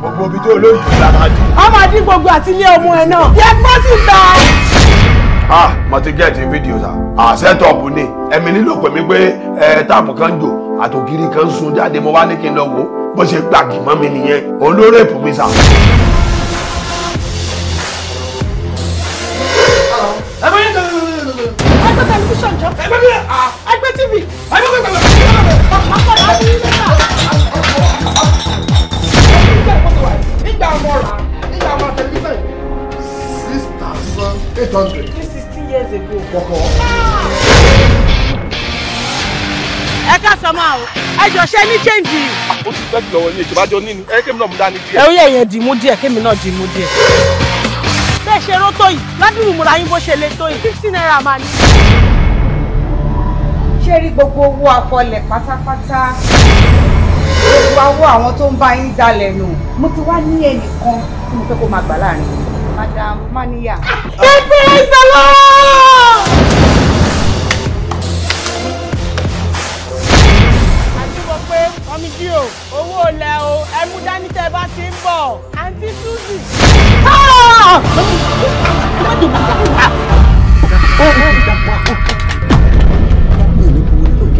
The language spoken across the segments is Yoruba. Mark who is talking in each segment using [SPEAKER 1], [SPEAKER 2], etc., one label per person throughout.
[SPEAKER 1] gbogbo ibi tó olóyún la máa di.
[SPEAKER 2] a máa dín gbogbo àti ilé ọmọ ẹ náà. yẹ kó sì gbà.
[SPEAKER 1] ah mo ti video fídíò ah, sa àṣetọ̀pù ni ẹ̀mí nílò pè mí pé ẹ táàpù kan jò àtòkiri kan sun jáde mo wá ní kí n lọ wò ó bó ṣe gbàgì mọ́ mi nìyẹn olórèpù mi sà.
[SPEAKER 2] this is sixteen years ago. kọ̀kọ́. ẹ ká sọ máa o ẹ jọ ṣe ní ṣéǹjì. ó ti fẹ́ lọ́wọ́ ní ìjọba jọ nínú ẹ kémi náà mú dání díẹ̀. ẹ ó yẹ ìyẹn dìímú díẹ̀ kémi náà dìímú díẹ̀. bẹ́ẹ̀ ṣe ró tó yìí ládùúgbò múra yín bó ṣe lè tó yìí fifteen naira máa ní. ṣé rí gbogbo owó àfọlẹ̀ pátápátá gbogbo owó àwọn tó ń bá yín dalẹ̀ nù mo ti wá ní ẹnìkan tí mo fẹ́ kó máa gbà láàrin yìí. Madam Mania. Oh. Hey, praise the Lord! Àǹtí sọ pé ọmọ kí o, owó olè o, ẹ mú dání tẹ́ bá ti ń bọ̀. Àǹtí Suzy.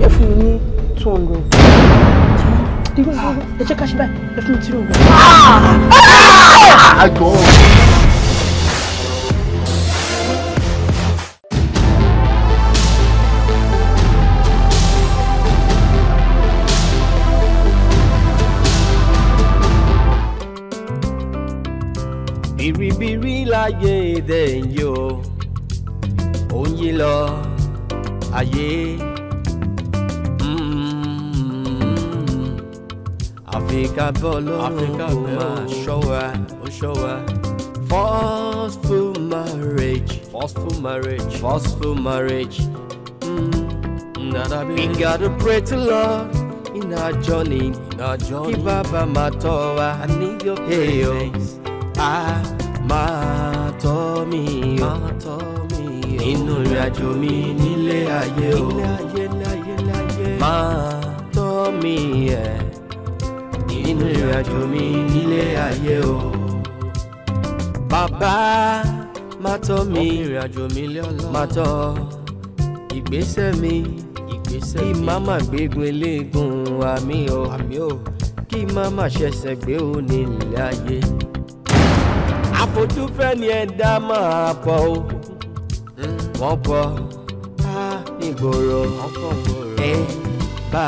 [SPEAKER 2] Ẹ fún mi ní two hundred. Ẹ jẹ́ ká ṣe báyìí, ẹ fún mi three hundred. Àjọ.
[SPEAKER 3] bìrìbìrì láyé dẹ̀yìn o ò ń yí lọ ayé àfikà bọ́ọ̀lù àfikà kò máa ṣọ́ wa ó ṣọ́ wa. forceful marriage forceful marriage forceful marriage. Mm. We gotta pray to Lord in our journey. In our journey. Give bàbá máa tọ́ wa. I need your oh. presence. yo. Ah. I máa tọ́ mi o nínú ìrìn àjò mi nílé ayé o máa tọ́ mi ẹ̀ nínú ìrìn àjò mi nílé ayé o bàbá máa mi ìrìn mi lé ọlọ́run máa tọ́ ìgbésẹ̀ mi ìgbésẹ̀ mi kí má má gbégun eléegun àmì o kí má má gbé òní ilé ayé fojú fẹ́ ni ẹ̀dá máa pọ̀ o wọ́n pọ̀ nígboro ẹ bá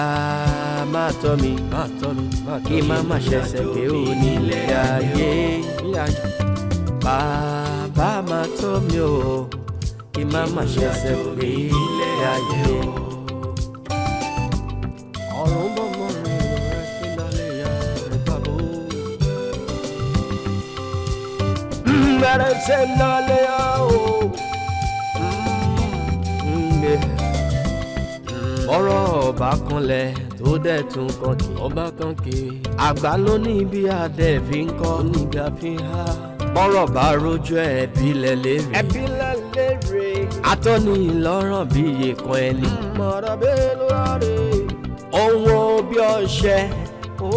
[SPEAKER 3] a máa tọ́ mi kí má má ṣẹ̀ṣẹ̀ pé ó nílé ayé bàbá máa tọ́ mi o kí má má ṣẹ̀ṣẹ̀ pé ó nílé ayé merece mm, la leo ọ̀rọ̀ ọba kanlẹ̀ tó dẹ̀ tún kàn kí ọba kan kí àgbà ló ní ibi adẹ fi ń kọ́ níbi àfihàn bọ́rọ̀ bá rojú ẹbí lẹ lérè ẹbí lẹ lérè atọ́ni ìlọ́ràn bí iye ẹni mọ̀rọ̀ mm, bẹ́ẹ̀ ló rà rè ohun bí ọṣẹ ó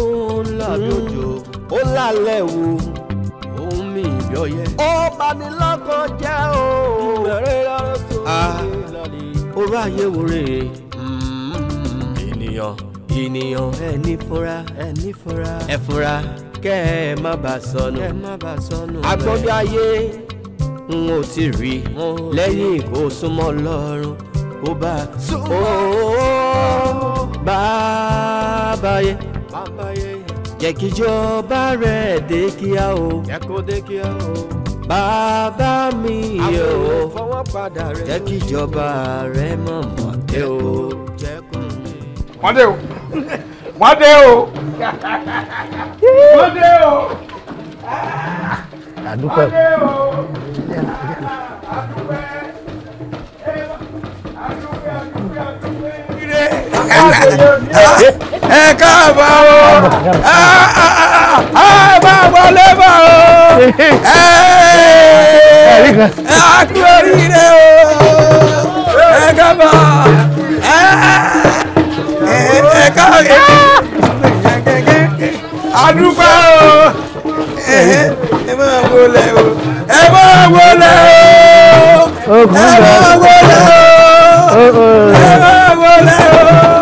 [SPEAKER 3] ń lọ dodo mm, ó lálẹ́ wo yọyẹ. ó bá mi lọ́kàn jẹ́ o. ìbẹ̀rẹ̀ rárá sórí ah. ìlàlẹ̀. oró ayé wo rè é. ènìyàn ènìyàn. ẹni fura ẹni fura. ẹ fura kẹ́ ẹ má bà sọnù. kẹ́ ẹ má bà sọnù. agbọ́dọ̀ ayé n ò ti rí lẹ́yìn ìkó súnmọ́ lọ́rùn ó bá ó bá báyé. báyé jẹ́ kí jọba rẹ̀ dé kíá o. jẹ́ kó dé kíá o. bàbá mi o. àfọwọ́ fọwọ́ padà rẹ̀. jẹ́ kí jọba rẹ̀ mọ̀ mọ̀ dé o. wọ́n dé o wọ́n dé o wọ́n dé o.
[SPEAKER 2] àdúpẹ́
[SPEAKER 4] o àdúpẹ́. ẹ káàbọ̀ o ẹ bá wọlé bọ̀ o ẹ kú oríire o ẹ káàbọ̀ ẹ káàbọ̀ adúgbò o ẹ máa wọlé o ẹ máa wọlé o ẹ máa wọlé o ẹ máa wọlé o.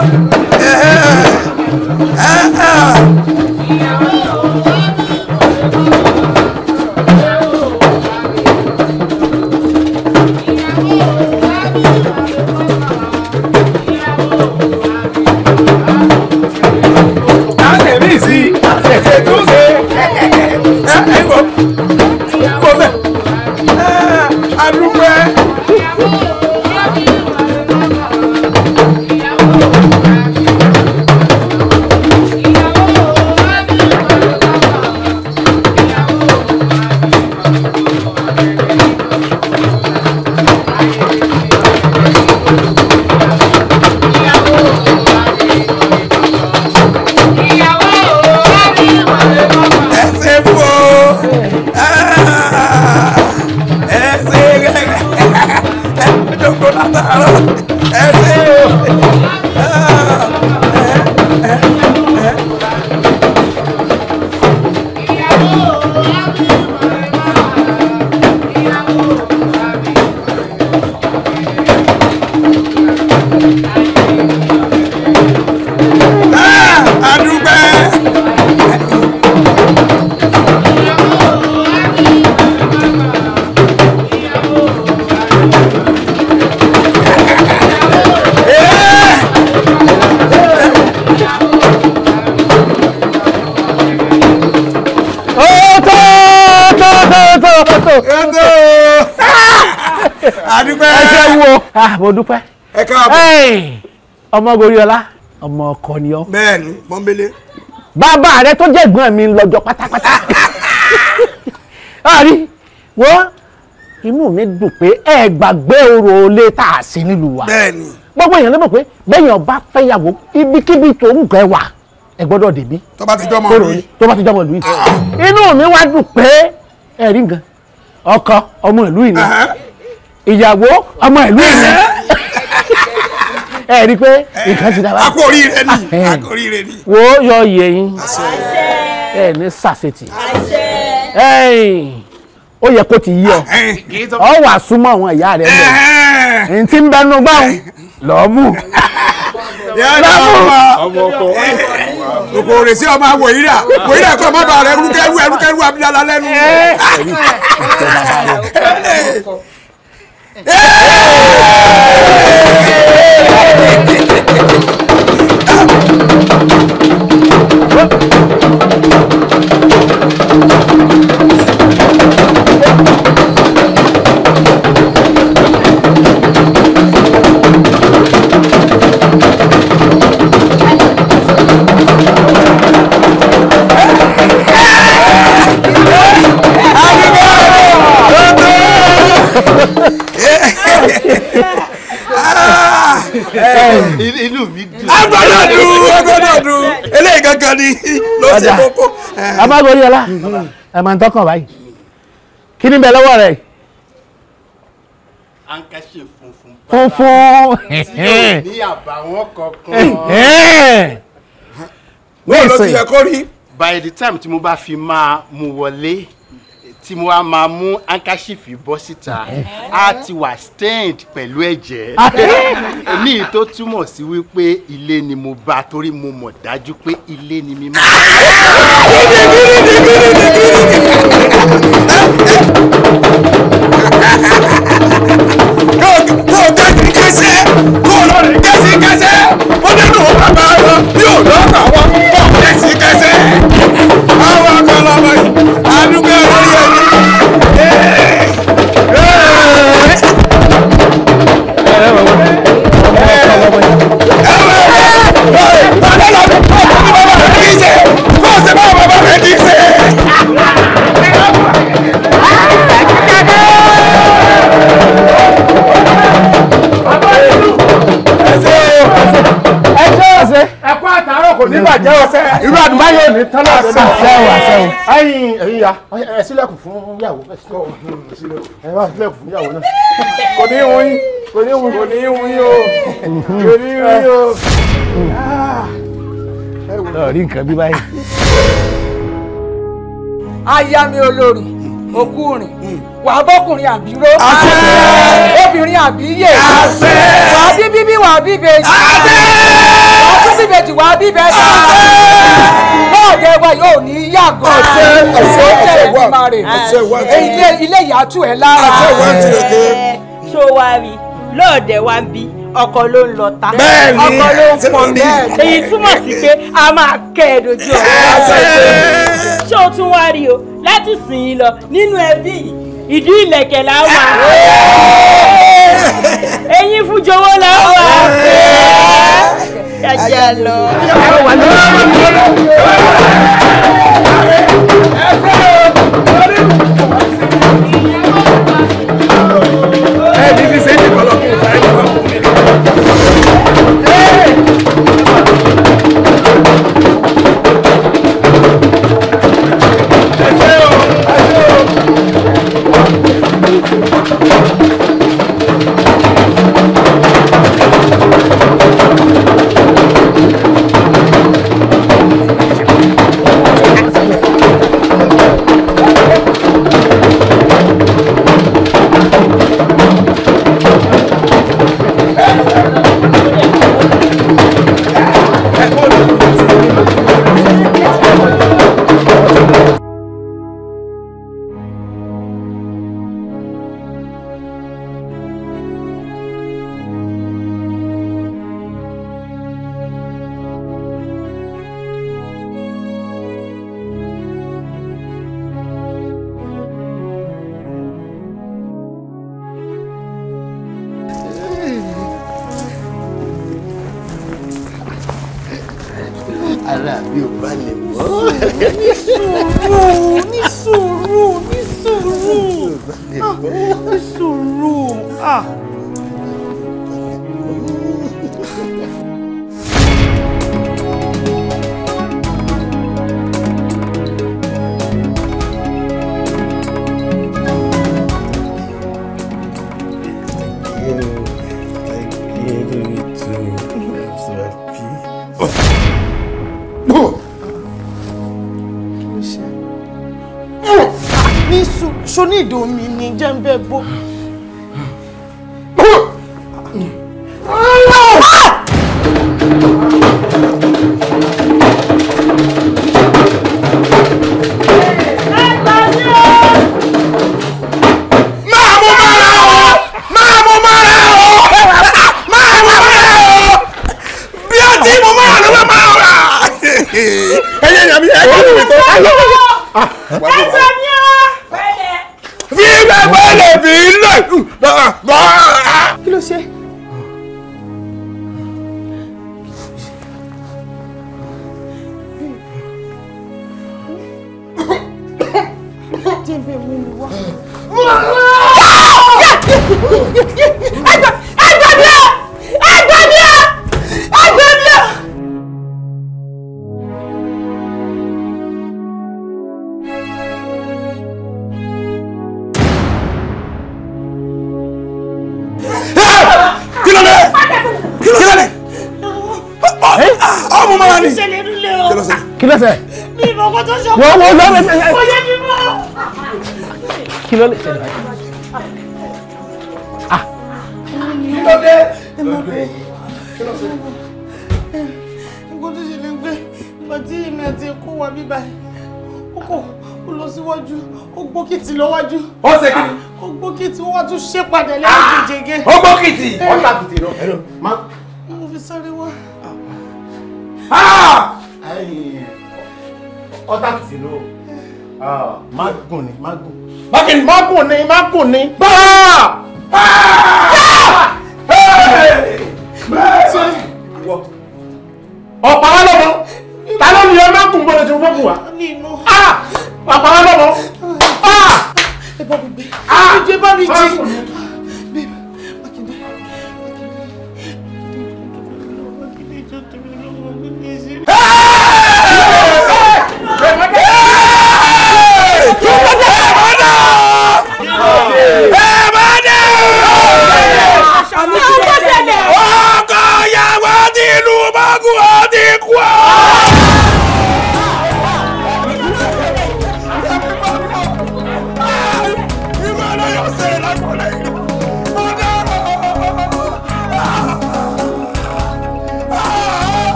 [SPEAKER 2] mo dúpẹ́. ẹ káàbọ̀. ọmọ Goriola ọmọ ọkọ ni ọ. bẹ́ẹ̀ni pọnbélé. bàbá rẹ tó jẹ́ ìgbọ́n mi ń lọ́jọ́ pátápátá. ọ̀rí wọ́n inú mi dùn pé ẹ gbàgbé orò olé tá a sí nílùú wa. bẹ́ẹ̀ni. gbogbo èèyàn ló mọ̀ pé bẹ́yìn ọba fẹ́yàwó ibikíbi tó ń gẹ̀ wà ẹ gbọ́dọ̀ dèbí. tó bá ti jọmọ lu yìí. tó bá ti jọmọ lu yìí. Ah, ah. inú mi wá dùn pé ẹ̀rí gan ọkọ ọmọ ìlú yìí ìyàwó ọmọ ìlú yìí ẹ rí i pé nǹkan ti dára. akórí rẹ ni akórí ah, eh. rẹ ni. wo yọ yẹ yín ẹ ní sàṣetì ó yẹ kó ti yí ọ eh. ọ wà súnmọ́ àwọn ìyá rẹ lọ ntí eh. ń bẹnu gbáhùn lọ́ọ́ mú lọ́mú. Òkò rè sí ọmọ àwọ̀ yíra, àwọ̀ yíra kọ́ ọmọ bàa rẹ̀ rúkẹ́rú ẹrúkẹ́rú abíyálá lẹ́nu. Ee. ¡Vete, ọ̀dà abágorí ọlá mm-hmm. ẹ̀ máa ń tọkàn báyìí kí ni bẹ̀ lọ́wọ́ rẹ̀. ankaṣe funfun funfun tí yóò ní àbàwọ́n kankan. wọ́n ló ti yẹ rí. by the time tí mo bá fi máa mú wọlé tí mo wá máa mú ankaṣífì bọ́ síta á ti wà stained pẹ̀lú ẹ̀jẹ̀ èmi tó túmọ̀ sí wípé ilé ni mo bá torí mo mọ̀ dájú pé ilé ni mi máa.
[SPEAKER 4] kó o kẹ́sì kẹ́sẹ́ kó o lọ kẹ́sì kẹ́sẹ́ ó nínú bàbá wọn yóò lọ́kàn wọn kó o kẹ́sì kẹ́sẹ́.
[SPEAKER 2] náà kò ní bàjẹ́ ọ̀sẹ̀ irú àdúgbò ní tán náà sọ sẹ́wọ̀ àsẹ́wọ̀. ẹ̀yin ẹ ṣílẹ̀kùn fún yàwó ẹ bá ṣílẹ̀kùn fún yàwó náà. kò ní wọ́n yín kò ní wọ́n kò ní wọ́n yín o kò ní wọ́n yín o. lọ rí nǹkan bí báyìí. aya mi olórí okùnrin wàá bọ́kùnrin àbíró. àṣẹ. obìnrin àbíyè. àṣẹ. wàá bí bíbí wàá bí bèjì. àṣẹ àtúntì méjì wá bí bẹ́ẹ̀ dá bọ́ọ̀dẹ wa yóò ní yàgò ṣe ṣe ṣe ìgbìmọ̀ rẹ̀ ilé ìyàtú ẹ̀ lára ṣó wá rí lọ́ọ̀dẹ wa ń bí ọkọ ló ń lọ ta ọkọ ló ń pọn bẹ́ẹ̀ èyí túmọ̀ sí pé a máa kẹ́ ẹ dojú ọ̀rọ̀ ṣé o tún wá rí o láti sìn yín lọ nínú ẹbí yìí ìdú ìlẹ̀kẹ̀ la wà eyín fún jọ̀wọ́ la wà ajá lọ.
[SPEAKER 4] ẹ fẹ́ o. fi
[SPEAKER 2] ilẹ̀ bọ́ọ̀lẹ̀ fi ilẹ̀ kí ló ṣe. Jẹ́ bẹ́ẹ̀ mú mi wá. wọ́n wọ́n lọ́rọ̀ ẹ̀ kí ló lè ṣẹlẹ̀ báyìí.
[SPEAKER 1] ah. kí ló dé
[SPEAKER 2] kí ni pé ìgbà tí àti ẹ̀kọ́ wa bíbá kókò ó lọ síwájú ó gbókìtì lọ́wájú. ó ṣe kí ni. ó gbókìtì ó wá tún ṣe padà lẹ́yìn ah! jẹjẹgẹ. ó gbókìtì eh. ó tàbìtì lọ. mo fi sáré wá. Ah! ọ̀tàkìtì ló mágùn ni mágùn. mákìn mágùn ni mágùn ni. báà ọ̀pá wa lọ́mọ ta ló ní ẹ mágùn gbọ́dọ̀ tí mo fẹ́ bù wá.
[SPEAKER 5] Ah! ọ̀pá wa lọ́mọ.
[SPEAKER 2] Ah! Ah! ẹ bá mi gbé ẹ bá mi jí.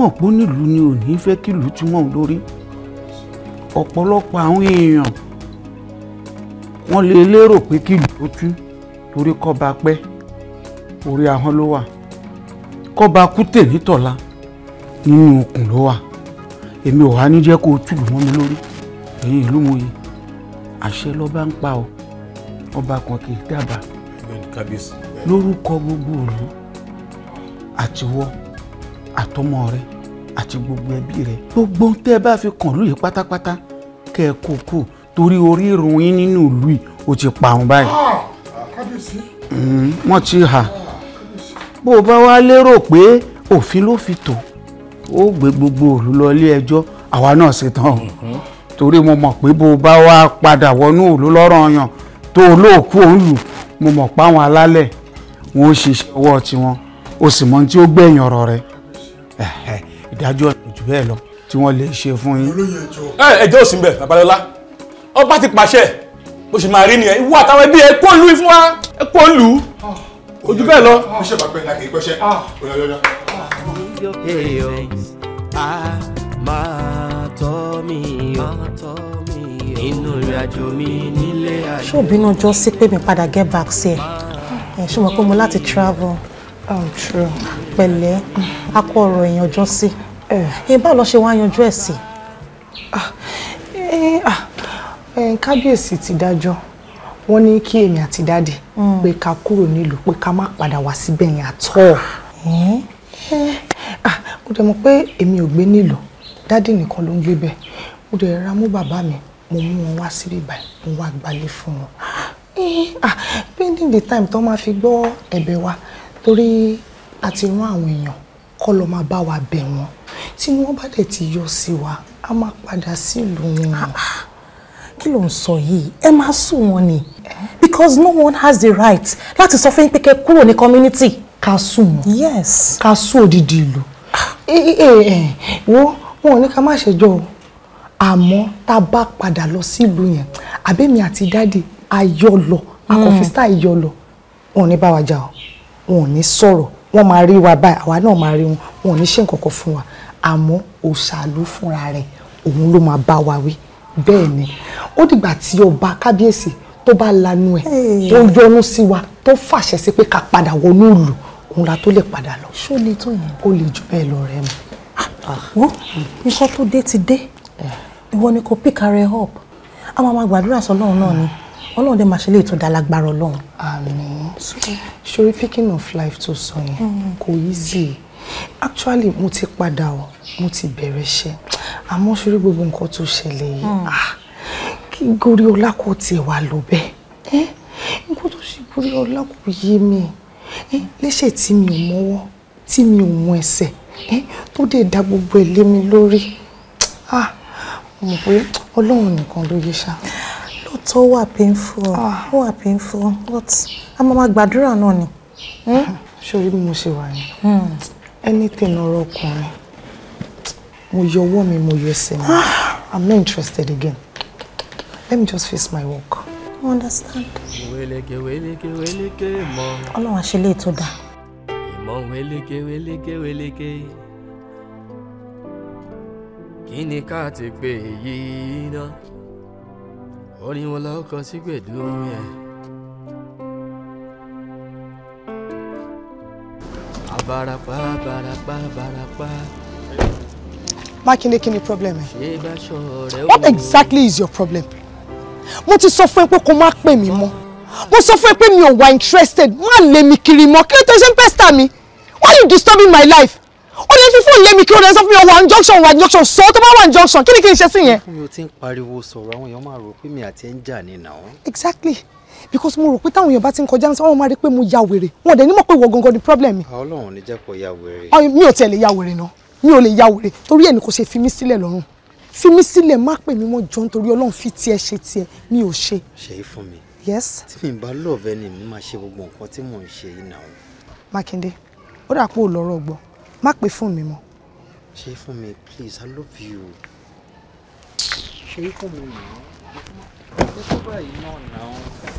[SPEAKER 2] mọ̀ pé nílùú ni ò ní fẹ́ kí ìlú túmọ̀ lórí ọ̀pọ̀lọpọ̀ àwọn èèyàn wọ́n lè lérò pé kí ìlú ó tú torí kọ́ba pẹ́ orí ahọ́n ló wà kọ́ba kú tè nítọ̀la nínú okùn ló wà èmi ò wá ní jẹ́ kó o túlù mọ́ mi lórí èyí ìlú mo yẹ àṣẹ lọ́ba ń pa ọ ọba kan kì í dábàá lórúkọ gbogbo ìlú àtiwọ́ àtọmọ rẹ àti gbogbo ẹbí rẹ gbogbo tẹ́ ẹ bá fi kàn lóye pátápátá kẹ́ ẹ kó kú torí orí irun yín nínú ìlú yìí ó ti parun báyìí. Ah, hmm, wọ́n ti hà bó o bá wá lérò pé òfin ló fi tò ó gbé gbogbo òlu lọ ilé ẹjọ́ àwa náà ṣetán mm-hmm. torí mo mọ̀ pé bó o bá wá padà wọnú òlu ọyàn tó o lóòkú òun mo mọ̀ páwọn alálẹ̀ wọn ó ṣiṣẹ́ ọwọ́ tiwọn o sì mọ̀ ohun tí ó gbẹ̀yìn ọ̀rọ̀ rẹ̀ ìdájọ́ ìjù bẹ́ẹ̀ lọ tí wọ́n lè ṣe fún yín. ẹjọ́ ò sí bẹ̀ babalọ́lá ọba ti pàṣẹ bó ṣe máa rí nìyẹn ìwọ àtàwọn ẹbí ẹ kó lù fún wa ẹ kó lù ojú bẹ́ẹ̀ lọ. ó ṣe bàbá ìlàkè ìgbọ́ṣẹ́ ọ̀yọ̀yọ̀yọ̀.
[SPEAKER 3] èèyàn a máa tọ́ mi yọ nínú ìrìnàjò mi nílé ayé. ṣé
[SPEAKER 2] òbí náà jọ sí pé mi padà get back sí ẹ ah. ṣé mo pé mo láti travel oh true pẹ̀lẹ́ akọ ọ̀rọ̀ ìyànjọ́ sí ẹ báwo lọ ṣe wá yanjú ẹ̀ sí. Ah, ah, kábíyèsí ti dájọ́ wọ́n ní kí èmi àti dáàdì hmm. pé ká kúrò nílùú pé ká má padà wá síbẹ̀ yẹn àtọ́ hmm? ah, mo dẹ̀ mọ̀ pé èmi ò gbé nílùú dáàdì nìkan ló ń gbé bẹ́ẹ̀ mo dẹ̀ ra mú bàbá mi mo mú wọn wá síbí báyìí mo wá gbalé fún wọn pending the time tó máa fi gbọ́ ẹ̀bẹ̀ wa torí a ti rán àwọn èèyàn kọ́ lọ máa bá wa bẹ̀ wọ́n tí wọ́n bá dẹ̀ ti yọ sí wa a máa padà sílùú wọn. Ah, ah. kí ló ń sọ yìí ẹ máa sùn wọn ni because no one has the right láti sọ fún yín pé kẹ́ kúrò ní community. ká sùn wọn yes ká sùn odidi ìlú ah. eh, eh, eh, wo wọn ò ní ká má ṣèjọ o àmọ́ tá a bá padà lọ sílùú yẹn àbẹ́mi àti dáàdì ayọ̀ lọ akọ̀fíìsítà hmm. ayọ̀ lọ wọn ò ní bá wa jà o wọn ò ní sọ̀rọ̀ wọ́n máa rí wa báyìí àwa náà máa rí wọn wọn ò ní ṣe nǹkan kan fún wa àmọ́ òṣàlú fúnra rẹ̀ òun ló máa bá wa wí bẹ́ẹ̀ ni ó dìgbà tí ọba kábíyèsí tó bá lanu ẹ̀ tó yọ́nú sí wa tó fàṣẹ sí pé ká padà wọnú ìlú òun la tó lè padà lọ. ṣó le tó yẹn. ó le jù bẹ́ẹ̀ lọ rẹ mọ. Ah, wo nǹkan tó dé ti dé eh. ìwọ ni kò pick her up a máa ma gbàdúrà sọ́lọ́run náà ni. Mm ọlọ́run dẹ̀ máa ṣe léètò dálágbára ọlọ́run. àmín sori picking of life tó sọ yẹn mm. kò easy actually mo ti padà o mo ti bẹ̀rẹ̀ iṣẹ́ àmọ́ sori gbogbo nǹkan tó ṣẹlẹ̀ yìí mm. ah, kí gorí ọlá kò tiẹ̀ wà ló bẹ́ẹ̀ eh, nǹkan tó ṣe gorí ọlá kò yé mi eh, léṣe tí mi ò mọ́wọ́ tí mi ò mọ ẹsẹ̀ eh, tó dé da gbogbo ẹ̀ lé mi lórí ah mo mọ̀ pé ọlọ́run nìkan ló yé ṣáà. So wà painful ah. ó wà painful but a máa gbàdúrà náà ni. Hmm? ṣòrí bí mo ṣe wà ní hmm. anything ọ̀rọ̀ ọkùnrin mo yọ ọwọ́ mi mo yọ ẹsẹ̀ ah. i'm not interested again let me just face my work. I
[SPEAKER 3] understand. wélékè wélékè wélékè mọ.
[SPEAKER 2] ọlọ́run àṣẹlẹ̀ tó dáa.
[SPEAKER 3] ìmọ̀ wélékè wélékè wélékè kí ni ká ti pè èyí náà orin wọn lọ́ọ́ kọ sí gbèdú omi ẹ̀. abarapa abarapa abarapa.
[SPEAKER 2] mákindé kí ni problem ẹ.
[SPEAKER 3] ṣé báṣọ rẹ wò. what
[SPEAKER 2] exactly is your problem. mo ti sọ fún ẹ pé kó má pè mí mọ́
[SPEAKER 3] mo sọ fún ẹ pé mi
[SPEAKER 2] ò wà interested má lé mi kiri mọ́ kí ló tó ṣe ń pester mi why you disturbing my life ó lè fi lémi kí ó lè sọ fún mi ó wà ní junction sọ tó bá wà ní kí ni kí n ṣe sí yẹn. mi ò ti ń pariwo
[SPEAKER 5] sọ̀rọ̀ àwọn èèyàn máa rò pé mi àti ẹ̀ ń jà ní ìnáwó.
[SPEAKER 2] exactly because mo rò pé táwọn èèyàn bá ti ń kọjá sí wọn máa rí pé mo ya wèrè wọn dẹ̀ ní mọ̀ pé ìwọ gangan ni problem mi.
[SPEAKER 5] Ah, Ọlọ́run ní jẹ́ kó ya wèrè.
[SPEAKER 2] mi ò tiẹ̀ lè ya wèrè náà mi ò lè ya wèrè torí ẹ̀ ni kò ṣe fi mí sílẹ̀ lọ́rùn fi mí sílẹ̀ má pè mí mọ́ jọ nítorí Ọlọ́run fi tiẹ̀ ṣe tiẹ̀ mi ò ṣe.
[SPEAKER 5] ṣe é fún mi. yes. tí mi bá lọ́ọ̀bẹ ni mi máa ṣe gbogbo nǹkan tí mò ń ṣe yìí náà.
[SPEAKER 2] Mákindé ó dà pé lọ́rọ̀ gbọ́ má pè fún mi mọ́.
[SPEAKER 5] ṣe fún mi please i love you ṣe fún mi mọ́ ọdún tó báyìí náà náà.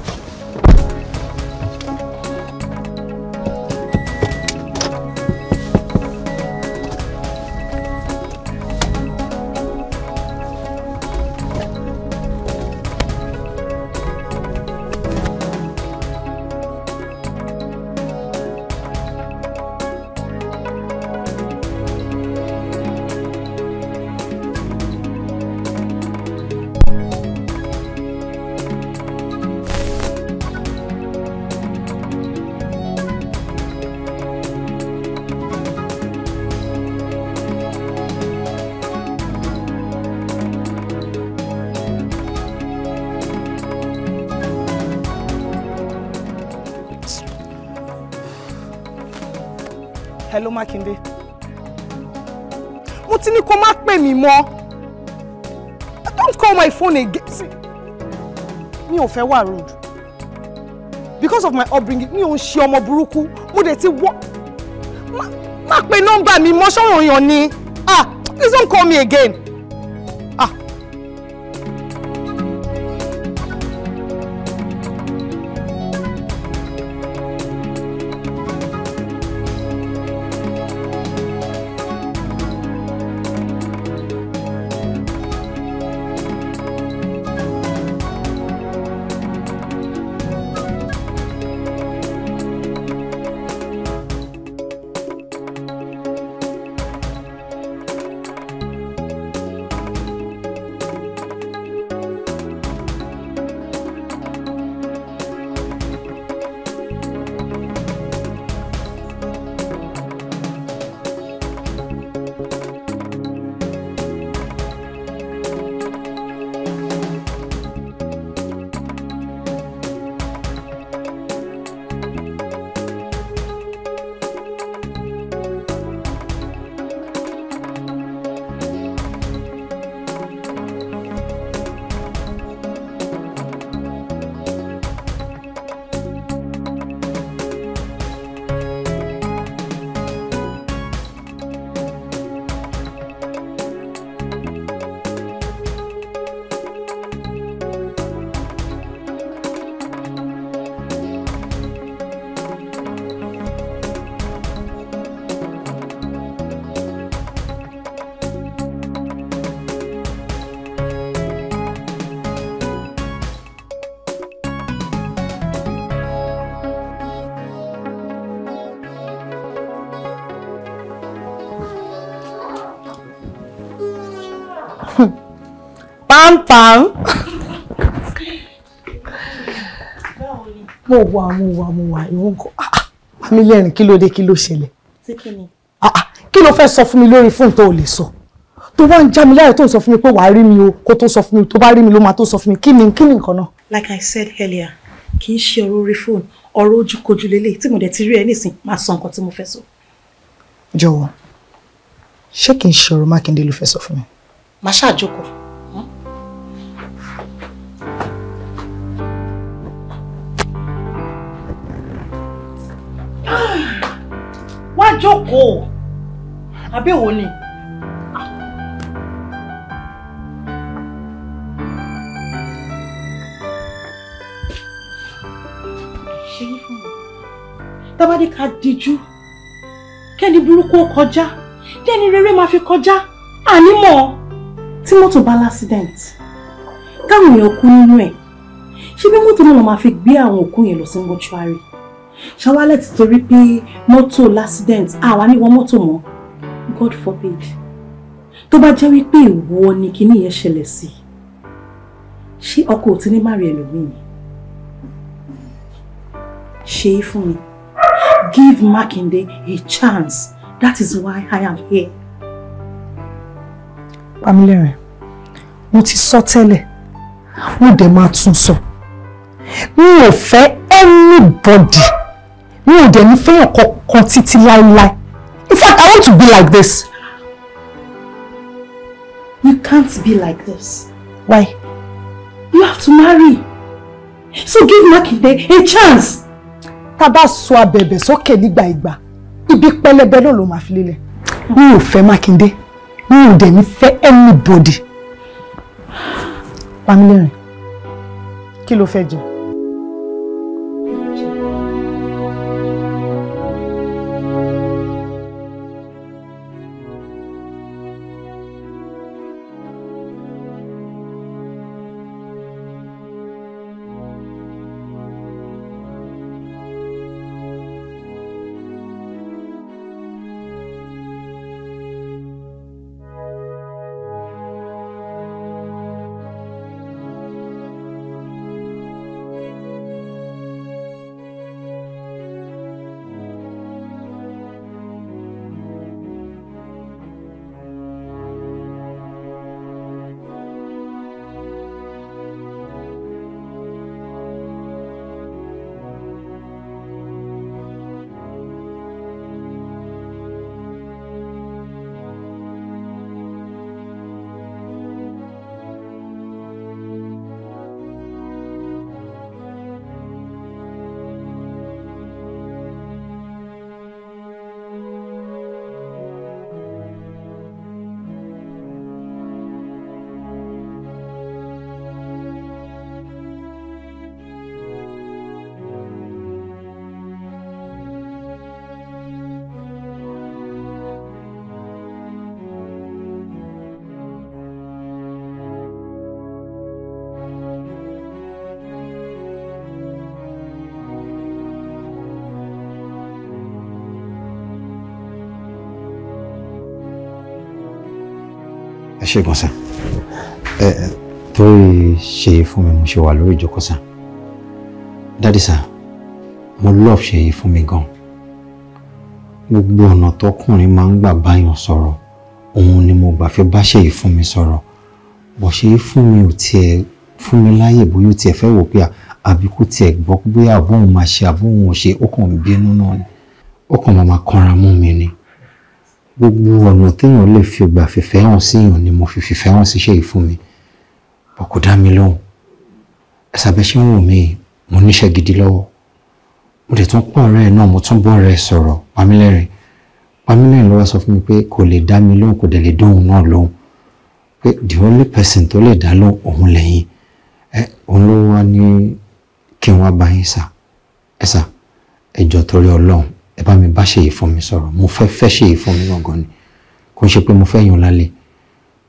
[SPEAKER 2] Hello Mákindé mo ti ní kó má pè mí mọ́ don't call my phone again mi ò fẹ́ wà rude because of my upbringing mi ò ń ṣe ọmọ burúkú mo dẹ̀ ti wọ́ má pe nọ́mbà mi mọ́ yàn ni ah please don't call me again. pam. mo wà mo wà mo wà ìwọ́n kọ́ ah, àmì ah, lẹ́rìn kí ló dé kí ló ṣẹlẹ̀ ah, kí ló fẹ́ sọ fún mi lórí fóònù tó o lè sọ tó wá ń já mi láyọ̀ tó ń sọ fún mi pé wàá rí mi o kó tó sọ fún mi tó bá rí mi ló máa tó sọ fún mi kí ni kí ni nǹkan náà. like i said earlier kì í ṣe ọ̀rọ̀ orí fóònù ọ̀rọ̀ ojúkojú lélẹ̀ tí mo dẹ̀ ti rí ẹ nísìn máa sọ nǹkan tí mo fẹ́ sọ. jọ̀wọ́ ṣé kì í ṣe ọ̀rọ̀ mákindé ló fẹ́ sọ fún mi. màá ṣáà jókòó. jókòó àbí òun ni. tábàdí de díjú kẹ́ni burúkú ó kọjá kẹ́ni rere máa fi kọjá ànímọ̀ tí mọ́tò bá l'accident táwọn èèyàn kú nínú ẹ̀ ṣé bí mọ́tò náà máa fi gbé àwọn òkú yẹn lọ sí mọ́ṣúárì ṣọwálẹ̀ ti torí pé mọ́tò l'accident àwa ní wọn mọ́tò mọ́ God forbid tó bá jẹ́ wípé ìwọ ni kinní yẹn ṣẹlẹ̀ sí ṣé ọkọ ò ti ní má rí ẹlòmíì ni ṣe é fún mi give Makinde a chance that is why I am here. Pamílẹ́rìn mo ti sọ tẹ́lẹ̀ wọ́n dẹ̀ máa tún sọ mi ò fẹ́ anybody mi ò dẹ̀ ní fẹ́yàn kankan títí láéláé in fact I want to be like this. You can't be like this. Why? You have to marry. So give Makinde a chance. Tá a bá sọ abẹ̀bẹ̀ sókè nígbà ìgbà, ibi pẹlẹbẹ náà ló máa fi lélẹ̀. Mi ò fẹ́ Makinde, mi ò dẹ̀ ní fẹ́ anybody. Pamílẹ́rìn, kí ló fẹ́ jẹ?
[SPEAKER 5] ẹ ṣe gan sàn ẹ torí ṣe fún mi mo ṣe wà lórí ìjókòó sàn dáàdì sàn mo love ṣe fún mi gan gbogbo ọ̀nà tọkùnrin máa ń gbà báyàn sọ̀rọ̀ òun ni mo gbà fi bá ṣe yìí fún mi sọ̀rọ̀ bó ṣe yìí fún mi ò tiẹ̀ fún mi láyè bóyá ó tiẹ̀ fẹ́ wò pé àbí kò tiẹ̀ gbọ́ bóyá àbóhùn máa ṣe àbóhùn ò ṣe ó kàn bínú náà ó kàn máa kanra mú mi ni gbogbo ọ̀nà téèyàn lè fi gbà fìfẹ́ hàn síyàn ni mo fi fìfẹ́ hàn síṣẹ́ yìí fún mi bọ̀ kò dá mi lóhùn ẹ̀sàbẹ́sẹ́ ń wò mí mo níṣẹ́ gidi lọ́wọ́ mo dẹ̀ tún pọ̀ ọ̀rẹ́ náà mo tún bọ́ ọ̀rẹ́ sọ̀rọ̀ pamílẹ́rìn pamílẹ́rìn ló wá sọ fún mi pé kò lè dá mi lóhùn kò dẹ̀ lè dóhùn náà lóhùn pé the only person tó lè dá lóhùn òun lẹ́yìn ẹ òun ló wá ní kí n wá bá yín sà ẹ sà ẹjọ́ torí ọlọ́run ẹ bá mi bá ṣe yìí fún mi sọ̀rọ̀ mo fẹ́ fẹ́ ṣe yìí fún mi gangan ni kò ṣe pé mo fẹ́ yan lálẹ́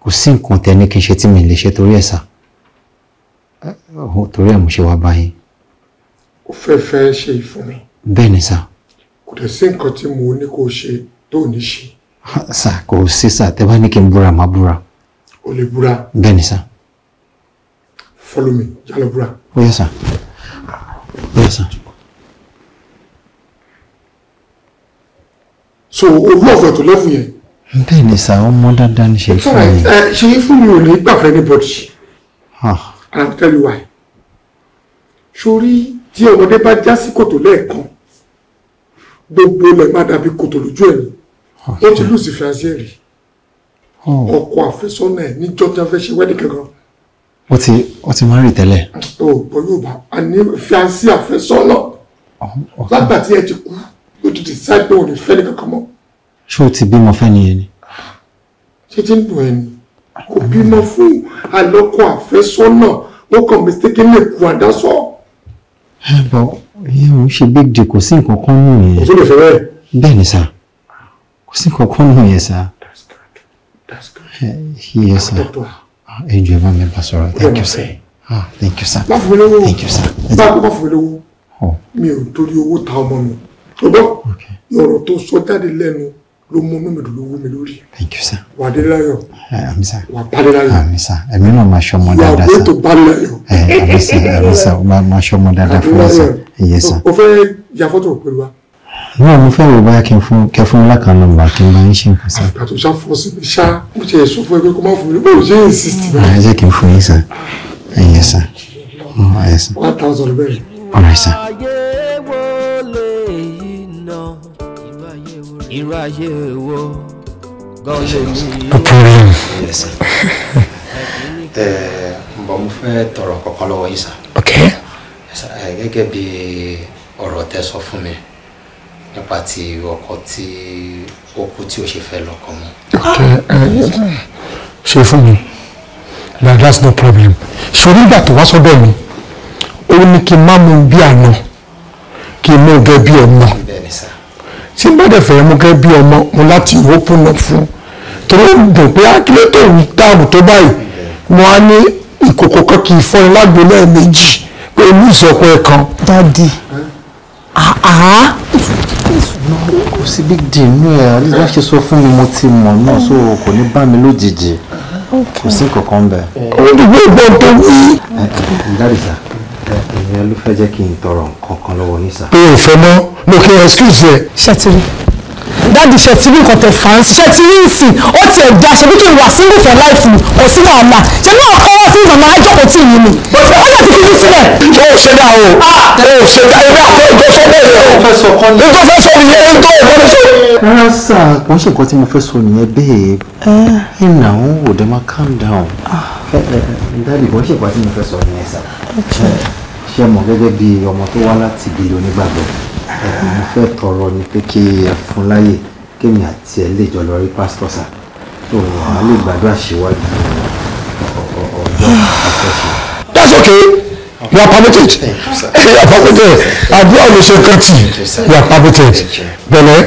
[SPEAKER 5] kò sí nǹkan tẹ ní kí n ṣe tí mi lè ṣe torí ẹ̀ sà torí ẹ̀ mo ṣe wá báyìí. o fẹ́ fẹ́ ṣe yìí fún mi. bẹ́ẹ̀ ni sà.
[SPEAKER 2] kò dẹ̀ sí nǹkan tí mo ní kó ṣe tó ní ṣe.
[SPEAKER 5] sà kò sí sà tẹ bá ní kí n búra má búra.
[SPEAKER 2] o lè búra. bẹ́ẹ̀ ni follow me jalo búra.
[SPEAKER 5] ó yẹ sà ó yẹ sà.
[SPEAKER 2] so olóòfẹ́ tó lẹ́fù yẹn.
[SPEAKER 5] bẹ́ẹ̀ ni sà ọmọ dáadáa ni ṣe fún mi.
[SPEAKER 2] ẹ eh, ṣe fún mi ò ní gbà fún anybody. and I'm tell you why. sórí tí ọmọdé bá já sí kòtò lẹ́ẹ̀kan gbogbo lẹ̀ má dàbí kòtò lójú ẹ̀ ni ó ti lù sí fìyàsí rí ọkọ àfẹ́sọ́nà ẹ̀ ní jọ́jà fẹ́ ṣe wẹ́ẹ̀dì kankan.
[SPEAKER 5] ó ti ó ti máa rí tẹ́lẹ̀.
[SPEAKER 2] o oh, bọ yóò bá a ní fìyàsí àfẹ́sọ́nà lágbàtí ẹ ti kú ló ti decide pé òun ò fẹ́ ní kankan mọ́.
[SPEAKER 5] ṣé o ti bímọ fẹ́ nìyẹn ni. ṣé tí ń dùn ẹ ni kò bímọ fún àlọ́kọ àfẹ́sọ́nà ó kàn mistakenly kú àdásọ. ẹ bọ ìyẹn ò ń ṣe big deal kò sí nǹkan kan nù yẹn. kò tó lè fẹ́ bẹ́ẹ̀. bẹ́ẹ̀ ni sà kò sí nǹkan kan nù yẹn sà. that's good that's good. yes sà ah, ẹ jù ẹ bá mi bá sọ̀rọ̀ thank you sir. Ah, thank you, sir. Má fún mi
[SPEAKER 2] lówó. Thank you, sir. Bá a kó má fún mi lówó. Oh. Mi ò torí owó ta ọmọ mi tó gbọ́ ọ̀rọ̀ tó sọ jáde lẹ́nu ló mú mímì dùn ló wú mi lórí.
[SPEAKER 5] thank you sir. wà á dé láyọ̀. àmín sà. wà á parí láyọ̀. àmín sà ẹ̀mí náà máa ṣọmọ dáadáa sà. wà á tó parí láyọ̀. àmín sà àmín sà máa dáadáa fún wa sà. iye sà. o fẹ́
[SPEAKER 2] ya pẹ̀lú wa.
[SPEAKER 5] náà mo fẹ́ wò bá kẹ fún lákàn nọ́mbà kí n bá ń ṣe nǹkan sà. àgbà
[SPEAKER 2] tó ṣàfọ́ sí mi ṣá mo ṣe èso fún ẹgbẹ́ kó má fún mi báwo
[SPEAKER 5] ṣe é
[SPEAKER 3] irú ayé wo
[SPEAKER 5] gọ́ọ̀lẹ̀ mi. ẹ bọ mo fẹ́ tọrọ kọ́kọ́ lọ́wọ́ yìí sá. ok. gẹ́gẹ́ bí ọ̀rọ̀ tẹ́ sọ fún mi nípa ti ọkọ tí ó kú tí o ṣe fẹ́ lọ́kọ mọ́. ok ṣe fún mi na that's no problem ṣòro nígbà tó wá sọ́dọ̀ mi ó ní kí n má mú bí àná kí n
[SPEAKER 2] mú gẹ́ bí ọmọ. bẹ́ẹ̀ ni sá tí n bá dẹ̀ fẹ́ mú gẹ́gẹ́ bí ọmọ mo láti open up fún torí ó dùn pé akílẹ̀ ah, tó ń dáàbò tó báyìí mo á ní ìkòkò
[SPEAKER 5] kan kì í fọ́ni lágbo lẹ́ẹ̀mejì pé inú ìsọ̀kọ ẹ̀ kan. dadi àá ah, ah. kò sí big deal nínú ẹ àlejò bá ṣe sọ fún mi mo ti mọ̀ náà so kò ní bá mi lójijì kò sí kankan bẹ́ẹ̀. ó
[SPEAKER 4] dùgbò ìgbọ́n tó
[SPEAKER 5] wí. ẹ ẹ dáríjà ìyẹn ló fẹ́ jẹ́ kí n tọrọ nǹkan kan lọ́wọ́ ní mi ò
[SPEAKER 2] fẹ́ mọ́ mo kí n excuse ẹ. ṣètìlì dáàdi ṣètìlì nǹkan tẹ fàánsì ṣètìlì ìsìn ó tiẹ̀ já ṣebí kí n wà sínú ìfẹ́ láìfù kò sí wàhálà ṣe náà kọ́ wá fún màmá tí ìyìn mi ó yẹ ti fi mí sílẹ̀. o ṣe dá o o ah! ṣe dá ebi àpò ìjọ bẹ́ẹ̀ o ìjọ fẹ́ sọ
[SPEAKER 5] nìyẹn ń fẹ́ sọ dáàbì wọ́n ṣèpá tí mo fẹ́ sọ ní ẹ̀sà ṣe mọ̀ gẹ́gẹ́ bí ọmọ tó wá láti ìdílé onígbàgbọ́ mo fẹ́ tọrọ ni pé kí ẹ fún láyè kémi àti ẹ lè jọ rí pásítọ̀ sà tó wà á lè gbàdúrà síwájú ọjọ́
[SPEAKER 2] àfẹ́ṣe. that's okay you are permitted
[SPEAKER 5] you are permitted
[SPEAKER 2] àdúrà
[SPEAKER 3] olùṣe kan tì you are permitted
[SPEAKER 2] bẹ̀rẹ̀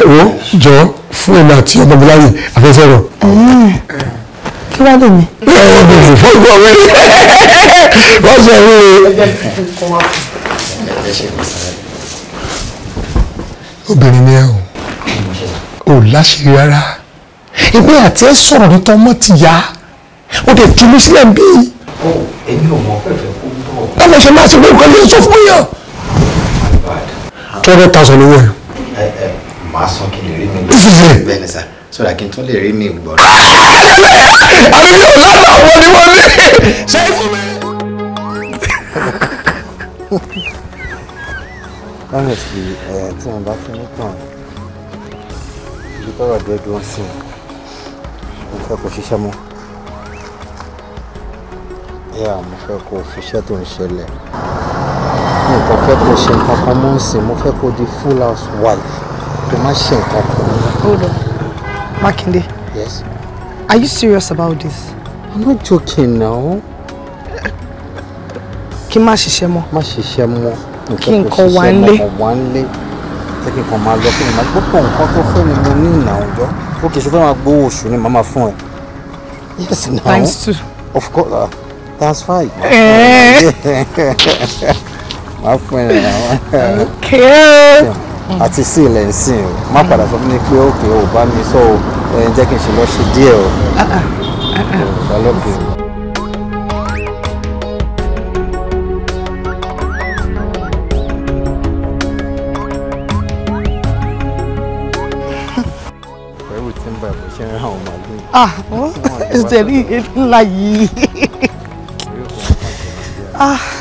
[SPEAKER 2] ẹ̀wọ́ jọ fún ẹ̀mí àti ọmọ mi láyè àfẹ́sẹ̀ rẹ̀ kí wá lè mi. ẹ̀rọ bèbè fọ́gbọ́n mi
[SPEAKER 4] wọ́n sọ mi
[SPEAKER 5] o.
[SPEAKER 2] obìnrin ni ẹ o ò láṣìírí rárá ìwé àti ẹ sọ̀rọ̀ nítorí ọmọ ti yá o lè tu mí sílẹ̀ bí. Oh,
[SPEAKER 5] èmi ò mọ pẹ̀fẹ̀ kó bọ̀. báwo ṣe máa ṣe lóun kan lè sọ fún yàn. two hundred thousand owó ẹ. màá So kí n tún lè rí mi gbọ́. àbí mi ò lọ́nà àwọn ni wọ́n ní ṣé fún mi. honestly ẹ eh, tí wọn bá fún mi tàn ibi tọrọ dé dúró sí i mo fẹ́ kó ṣiṣẹ́ mọ́ yà mo fẹ́ kó fiṣẹ́ tó ń ṣẹlẹ̀ mi kò fẹ́ kó ṣe nǹkan kan mọ́ ń sìn mo fẹ́ kó di full house wife tó má ṣe nǹkan kan. Makinde. Yes? Are you serious about this? I'm not joking now. Kí má ṣiṣẹ́ mọ́. Má ṣiṣẹ́ mọ́. Kí nǹkan wà ń lé. Wà ń lé. Ṣé kí nǹkan máa lọ kí n máa gbọ́pọ̀ nǹkan tó fẹ́ ni mo ní ìnà òjọ́? Ó kì í ṣe fẹ́ máa gbowó oṣù ni màmá fún ẹ. Yes now. Thanks two. Of course. Uh, that's fine. Eh. Máa fún ẹ nà. Okay. Yeah àti sí ilẹ̀ ń sìn o má padà sọ fún mi pé òkè ò bá mi sọ o ẹ jẹ́ kí n ṣe lọ ṣe díẹ̀ o. ọ̀pọ̀lọpọ̀. Ah, ah, ah, ah oh, it's the
[SPEAKER 2] ńlá yìí
[SPEAKER 5] ah.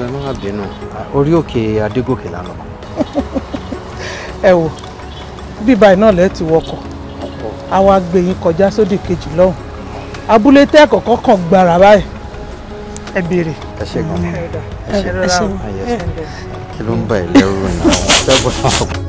[SPEAKER 5] ẹjọ́ ẹ má má bínú orí òkè adégòkè lánà. ẹ wo
[SPEAKER 2] bíbá iná lẹ ti wọkọ̀ àwa gbé yín kọjá sódì kejì lọ́hùn abúlé tẹ́ kọ̀ọ̀kan kan gbàrà báyìí ẹ béèrè. ẹ ṣe gan ẹ ṣe rárá ẹ
[SPEAKER 4] ṣe kí ló ń bá ẹ lẹ́rù
[SPEAKER 5] náà.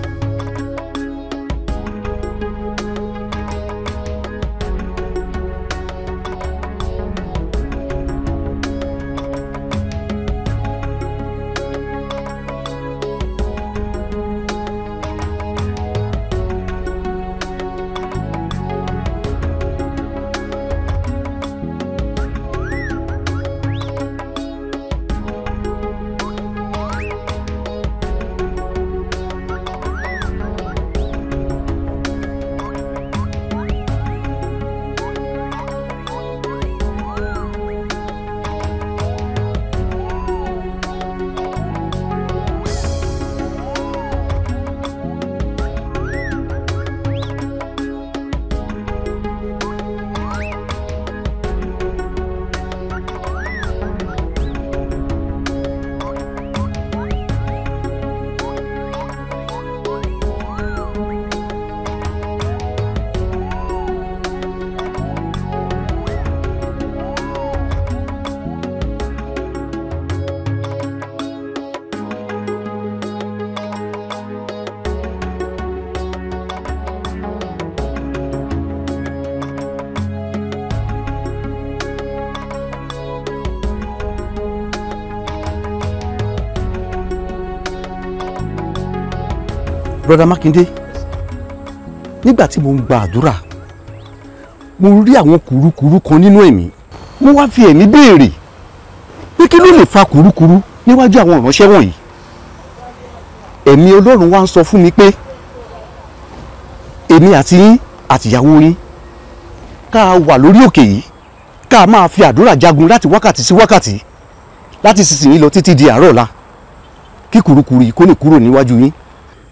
[SPEAKER 2] broda Mákindé nígbà tí mo ń gba àdúrà mo rí àwọn kùrukùru kan nínú ẹ̀mí mo wá fi ẹ̀mí béèrè pé kí ló lè fa kurukuru, níwájú àwọn ìránṣẹ́ wọ̀nyí ẹ̀mí Ọlọ́run wá ń sọ fún mi pé èmi àti yín àtìyàwó yín ká wà lórí òkè yìí ká máa fi àdúrà jagun láti wákàtí sí wákàtí láti sísìn yín lọ títí di àárọ̀ ọ̀la kí kùrukùru yìí kó lè kúrò níwájú yín.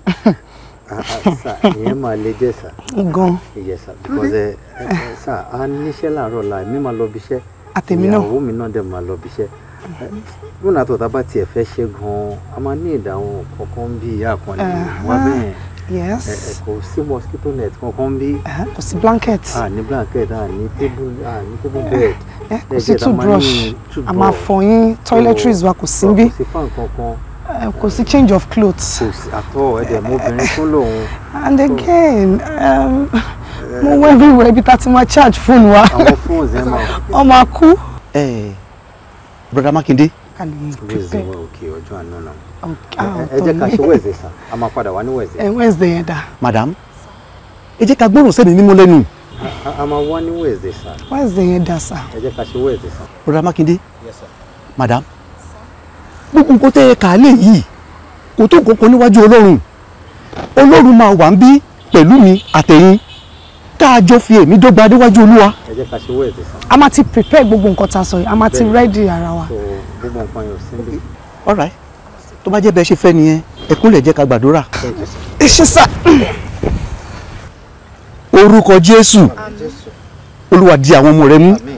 [SPEAKER 5] ìyẹn máa le jẹ́ sà. gan. yes sà because eh, eh, sà a níṣẹ́ láàárọ̀ la mi máa lọ bíṣẹ́.
[SPEAKER 2] àtẹ̀mí náà ìyàwó
[SPEAKER 5] mi náà dẹ̀ máa lọ bíṣẹ́. lónà àtọ̀ tá a bá tiẹ̀ fẹ́ ṣe gan-an a máa ní ìdáhùn kankan bí ìyá kan ní uh-huh. wá bẹ́ẹ̀. yes eh, kò sí mosquito net kankan bí. Uh-huh. kò sí blanket. a ní blanket a ní table a ní table bed. kò sí toothbrush a máa
[SPEAKER 2] fọyín toiletries wa kò sí bí. kò
[SPEAKER 5] sí fan kankan.
[SPEAKER 2] Eh, kò sí change of clothes. kò
[SPEAKER 5] sí at all mo obìnrin fún lòun.
[SPEAKER 2] and again um, mo wọ everywhere ibi tá a ti máa charge fóònù wa. àwọn fóònù yẹn máa. ọmọ akú. broda Makinde. wẹ́ẹ̀sì
[SPEAKER 5] wọ òkè ọjọ́ àná náà. Ah, ẹ jẹ́ ká ṣe wẹ́ẹ̀sì sàn a máa padà wá ní wẹ́ẹ̀sì. ẹ
[SPEAKER 2] wẹ́ẹ̀sì yẹn dà. madam ẹ jẹ́ ká gbọ́rọ̀ sẹ́ni mímú lẹ́nu.
[SPEAKER 5] a máa wá ní wẹ́ẹ̀sì sàn.
[SPEAKER 2] wẹ́ẹ̀sì yẹn dà sà.
[SPEAKER 5] ẹ jẹ́ ká ṣe wẹ́ẹ̀sì sàn. broda Makinde. yes sir.
[SPEAKER 2] madam gbogbo nǹkan tẹ́ ẹ kà á lè yìí kò tó kókó níwájú ọlọ́run ọlọ́run máa wà ń bí pẹ̀lú mi àtẹ̀yìn tá a jọ fi èmi dọ́gba níwájú olúwa.
[SPEAKER 5] ẹ jẹ́ ká ṣe owó ẹ̀dẹ̀ sá.
[SPEAKER 2] a máa ti prepare gbogbo nǹkan tá a sọ yìí a máa ti ready ara
[SPEAKER 5] wa. gbogbo nǹkan yóò sí níbí. all right
[SPEAKER 2] tó bá jẹ́ bẹ́ẹ̀ ṣe fẹ́ nìyẹn ẹ̀kúnlẹ̀ jẹ́ ká gbàdúrà. ẹ ṣe sá. orúkọ jésù olúwa di àwọn ọmọ rẹ mú. àmín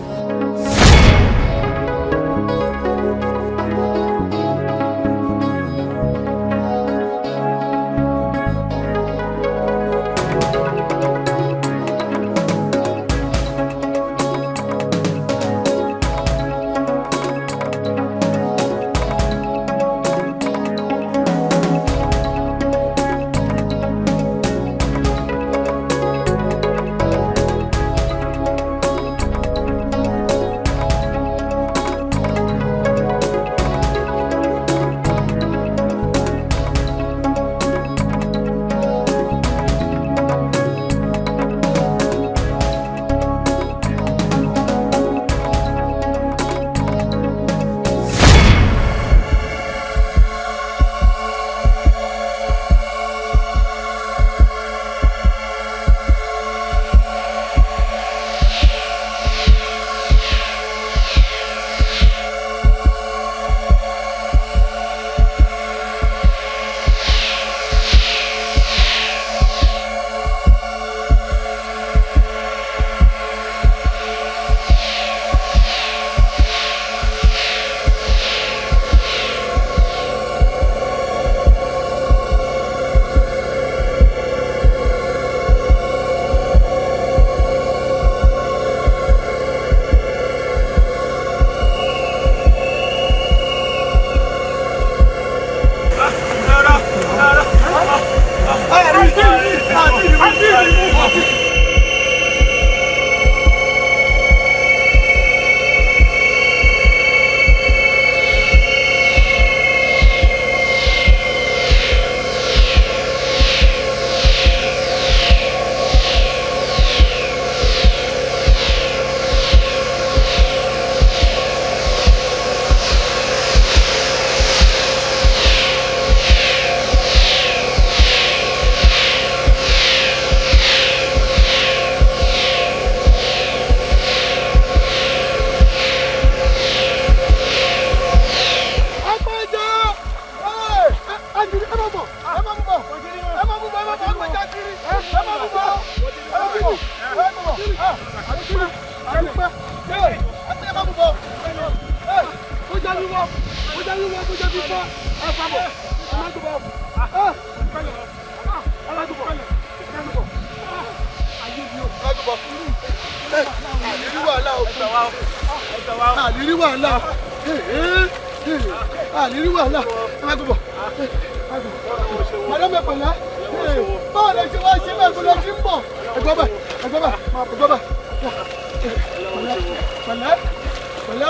[SPEAKER 2] pẹ̀lẹ́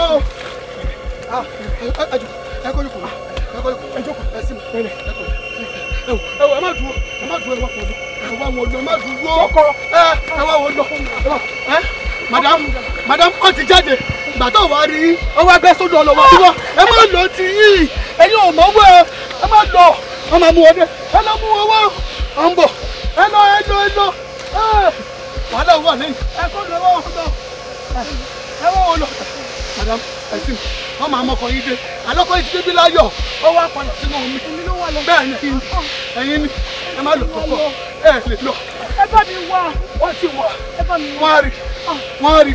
[SPEAKER 2] ah ẹ kọ́ yòókù ẹ kọ́ yòókù ẹ jókòó ẹ sí mi pẹ̀lẹ́ ẹ kọ́ ẹ wọ ẹ má dúró ẹ má dúró ẹ wá pọ̀lú ẹ wá wọn lọ ẹ má dúró ẹ ẹ wá wọn lọ ẹ wá ẹ madam madam ọ ti jáde gbàtọ̀ wá rí ọwọ́ abẹ́ sódò ọlọ́wọ́ tiwọn ẹ má lọ ti yìí ẹ̀yin ò mọ̀ wẹ́ ẹ má lọ ọmọ mu ọdẹ ẹ lọ mú owó ọ̀ ń bọ̀ ẹ lọ ẹ lọ ẹ lọ wàhálà wà lẹ́yìn ẹ kó lọ́wọ́ wọn lọ ẹ wọ́n wọn lọ madam ẹsìn wọn máa mọkọ yín dé alọkọ yìí ti débi láyọ̀ ó wá padà sínú omi bẹ́ẹ̀ ni ah. ẹ̀yin ni ẹ má lọ kọkọ ẹ lè lọ. ẹ bá mi wá wọn ti wá ẹ bá mi wá wọn á rí ah. wọn á rí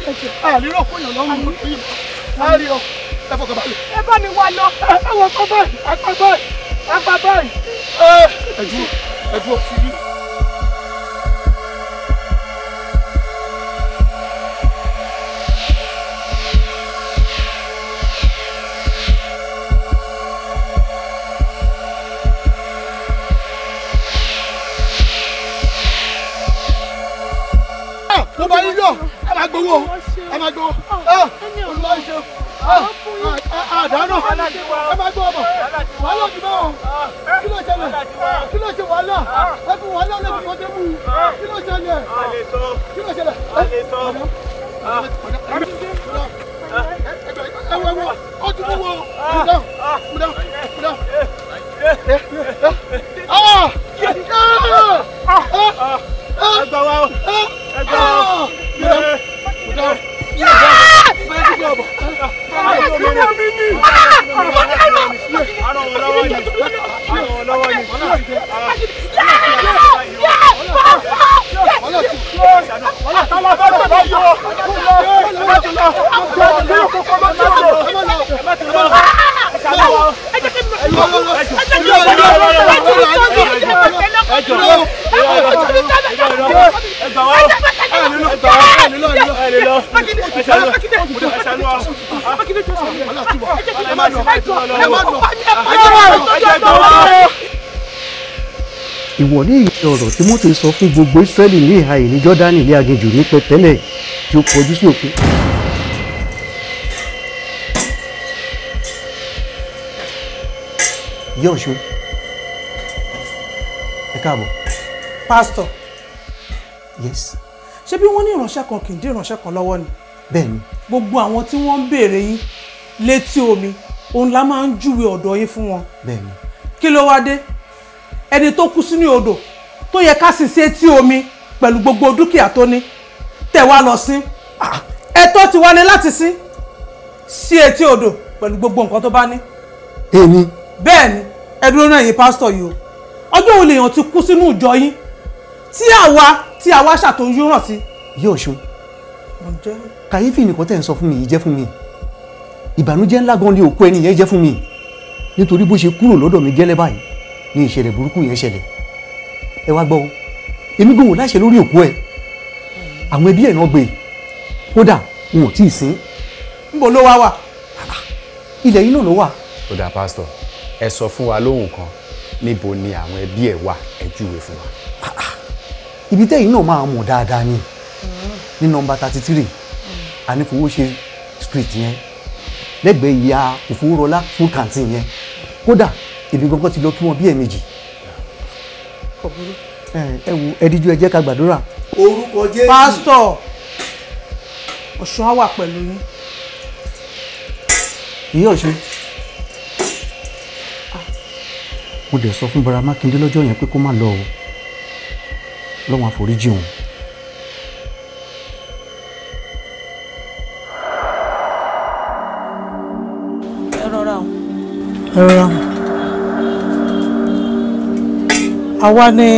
[SPEAKER 2] àlérò kóyàn lọ́rùn lóyún wọn á rí ọ ẹ fọkàn balẹ̀. ẹ bá mi wá lọ ẹ wọ kọ báyìí apá báyìí apá báyìí. mo bá yín yọ ẹ máa gbowó ẹ máa gbowó ah, olùwà ṣe ah, ah, àdánù ẹ máa gbọ́ ọ̀bọ̀ wàhálà ti bá kí ló ṣẹlẹ̀ kí ló ṣe wàhálà ẹ fi wàhálà lè kọjá mú kí ló ṣẹlẹ̀ kí ló ṣẹlẹ̀ eh, ẹ wọ ẹ wọ ọ tún wọ ọ mú dáhùn mú dáhùn mú dáhùn
[SPEAKER 4] ẹgbà wa o ẹgbà wa o yẹ kúta yẹ kúta yẹ kúta bọ. Àwọn ọmọ mi ni. Àwọn ọmọ mi ni. Àwọn ọmọ lọ́wọ́ ni. Àwọn ọmọ lọ́wọ́ ni. Thank you ìwọ
[SPEAKER 5] ní ìyẹn ọ̀rọ̀ tí mo ti sọ fún gbogbo Ísírẹ́lì ní ìhà ìní Jọ́dánì ní aginjù ní pẹ̀tẹ́lẹ̀ tí ó kọjú sí òkun. ìyá ọ̀ṣọ́ ẹ káàbọ̀. pásítọ̀. yes.
[SPEAKER 2] ṣé bí wọ́n ní ìránṣẹ́ kan kì í dín ìránṣẹ́ kan lọ́wọ́ ni. bẹ́ẹ̀ni. gbogbo àwọn tí wọ́n ń béèrè yín létí omi òun la máa ń júwe ọ̀dọ̀ yín fún wọn. bẹ́ẹ̀ni. kí ló wá dé ẹni tó kú sínú odò tó yẹ ká sì sí etí omi pẹ̀lú gbogbo dúkìá tó ní tẹ̀ wá lọ sí ah. ẹ̀tọ́ ti wá ní láti sí sí etí odò pẹ̀lú gbogbo nǹkan tó bá ní. èmi. Hey, bẹ́ẹ̀ ni ẹ dúró náà yín pásítọ̀ yìí o ọjọ́ wo lèèyàn ti kú sínú ìjọ yín tí àwa tí àwa ṣàtòyún ràn sí. yóò ṣun kàyéfì nìkan tẹ̀ ń sọ fún mi yìí jẹ́ fún mi ìbànújẹ́ ńlá gan ni òkú ẹni yẹn jẹ́ fún mi nítorí bó ṣe kúrò lọ́dọ̀
[SPEAKER 5] mi gẹ́lẹ́ báyìí ni ìṣẹ̀lẹ̀ burúkú yẹn ṣẹlẹ̀ ẹ wá gbọ́ o èmi gbòòwò láṣẹ lórí òkú ẹ àwọn ẹbí ẹ̀ náà gbé kódà wọn ò tí ì sìn.
[SPEAKER 2] níbo ló wá wà. Ah, ilẹ̀ yìí náà ló wà. ó pásítọ̀ ẹ sọ fún wa lóhùn kan níbo ni àwọn ẹbí ẹ wà ẹ júwe fún wa. Ah, ah.
[SPEAKER 5] ibi tẹ́yìn náà máa mọ̀ dáadáa ni mm. ní nọmba thirty three ànífowóṣe mm. street yẹn lẹ́gbẹ̀ẹ́ ìyá òfurufúrọ́lá food canteen yẹn kódà ibi gangan ti lọ kí wọn bí ẹ̀ẹ̀mejì. ẹ wo ẹ díjú ẹ jẹ́ ká
[SPEAKER 2] gbàdúrà. orúkọ jésù. pásítọ̀ ọ̀ṣun á wà pẹ̀lú yín.
[SPEAKER 5] ìyá ọ̀ṣun mo dẹ̀ sọ fún bara mákindé lọ́jọ́ yẹn pé kó má lọ o lọ́wọ́n àforíjì òun. ẹ rọra o. ẹ rọra o.
[SPEAKER 2] àwa ni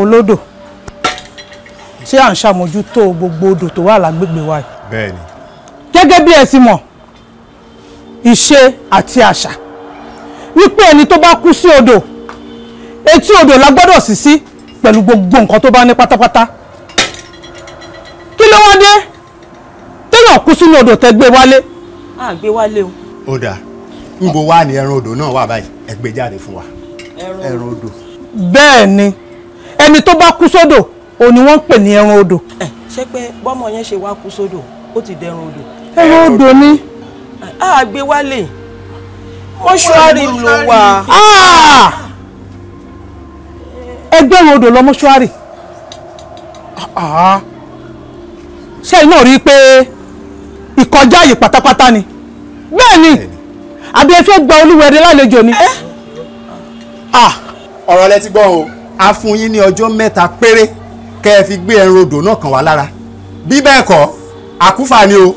[SPEAKER 2] olódò tí à ń ṣàmójútó gbogbo odò tó wà lágbègbè wa yìí. bẹ́ẹ̀ni. gẹ́gẹ́ bí ẹ ti mọ̀ ìṣe àti àṣà wípé ẹni tó bá kú sí odò etí odò la gbọ́dọ̀ sì sí pẹ̀lú gbogbo nǹkan tó bá ní pátápátá kí ló wá dé téèyàn kú sínú odò tẹ́ gbé wálé. a gbé wálé o. ó dáa n bò wá ní ẹran odò náà wà báyìí ẹ gbé jáde fún wa ẹran odò. bẹ́ẹ̀ ni ẹni tó bá kú sódò òun ni wọ́n ń pè ní ẹran odò. ẹ ṣé pé bọ́mọ yẹn ṣe wá kú sódò ó ti dẹrun odò. ẹran odò ni. a gbé wálé mọ́ṣúárì ló wà. Ah! ẹgbẹ́ wo odò lọ mọ́ṣúárì ah. ṣé iná rí i pé ìkọjá yìí pátápátá ni bẹ́ẹ̀ ni àbí ẹ fẹ́ gba olúwẹ̀rẹ̀ lálejò ni. Eh? Ah! ọ̀rọ̀ lẹ ti gbọ́ o a fún yín ní ọjọ́ mẹ́ta péré kẹ́ ẹ fi gbé ẹran odò náà kàn wá lára bí bẹ́ẹ̀ kọ́ àkúfà ni o.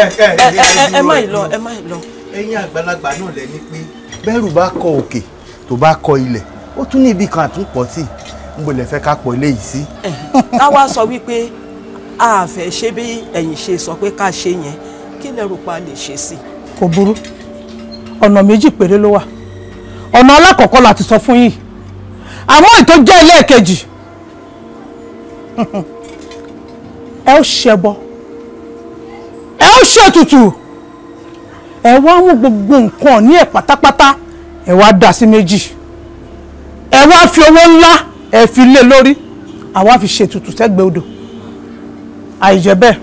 [SPEAKER 2] ẹ eh, ẹ eh, ẹ má ì lọ ẹ má ì lọ ẹ̀yin àgbàlagbà náà lẹ ní pé bẹ́rù bá kọ òkè tó bá kọ ilẹ̀ ó tún ní ibì kan àtúnpọ̀ sí i ń bò lẹ fẹ́ ká pọ̀ eléyìí sí. táwa sọ wípé a fẹ́ ṣe bí ẹ̀yin ṣe sọ pé ká ṣe yẹn kí lẹ rò pa lè ṣe sí. kò burú ọ̀nà méjì péré ló wà ọ̀nà alákọ̀ọ́kọ́ la ti sọ fún yín àmọ́ ètò jẹ́ ẹlẹ́ẹ̀kejì ẹ ó ṣẹbọ ẹ ó ṣètùtù ẹ wá mú gbogbo nǹkan ní ẹ pátápátá ẹ wá dà sí méjì ẹ wá fi owó ńlá ẹ fi lé lórí àwa fi ṣètùtù sẹ́gbẹ̀ẹ́ odò àìjẹ́ bẹ́ẹ̀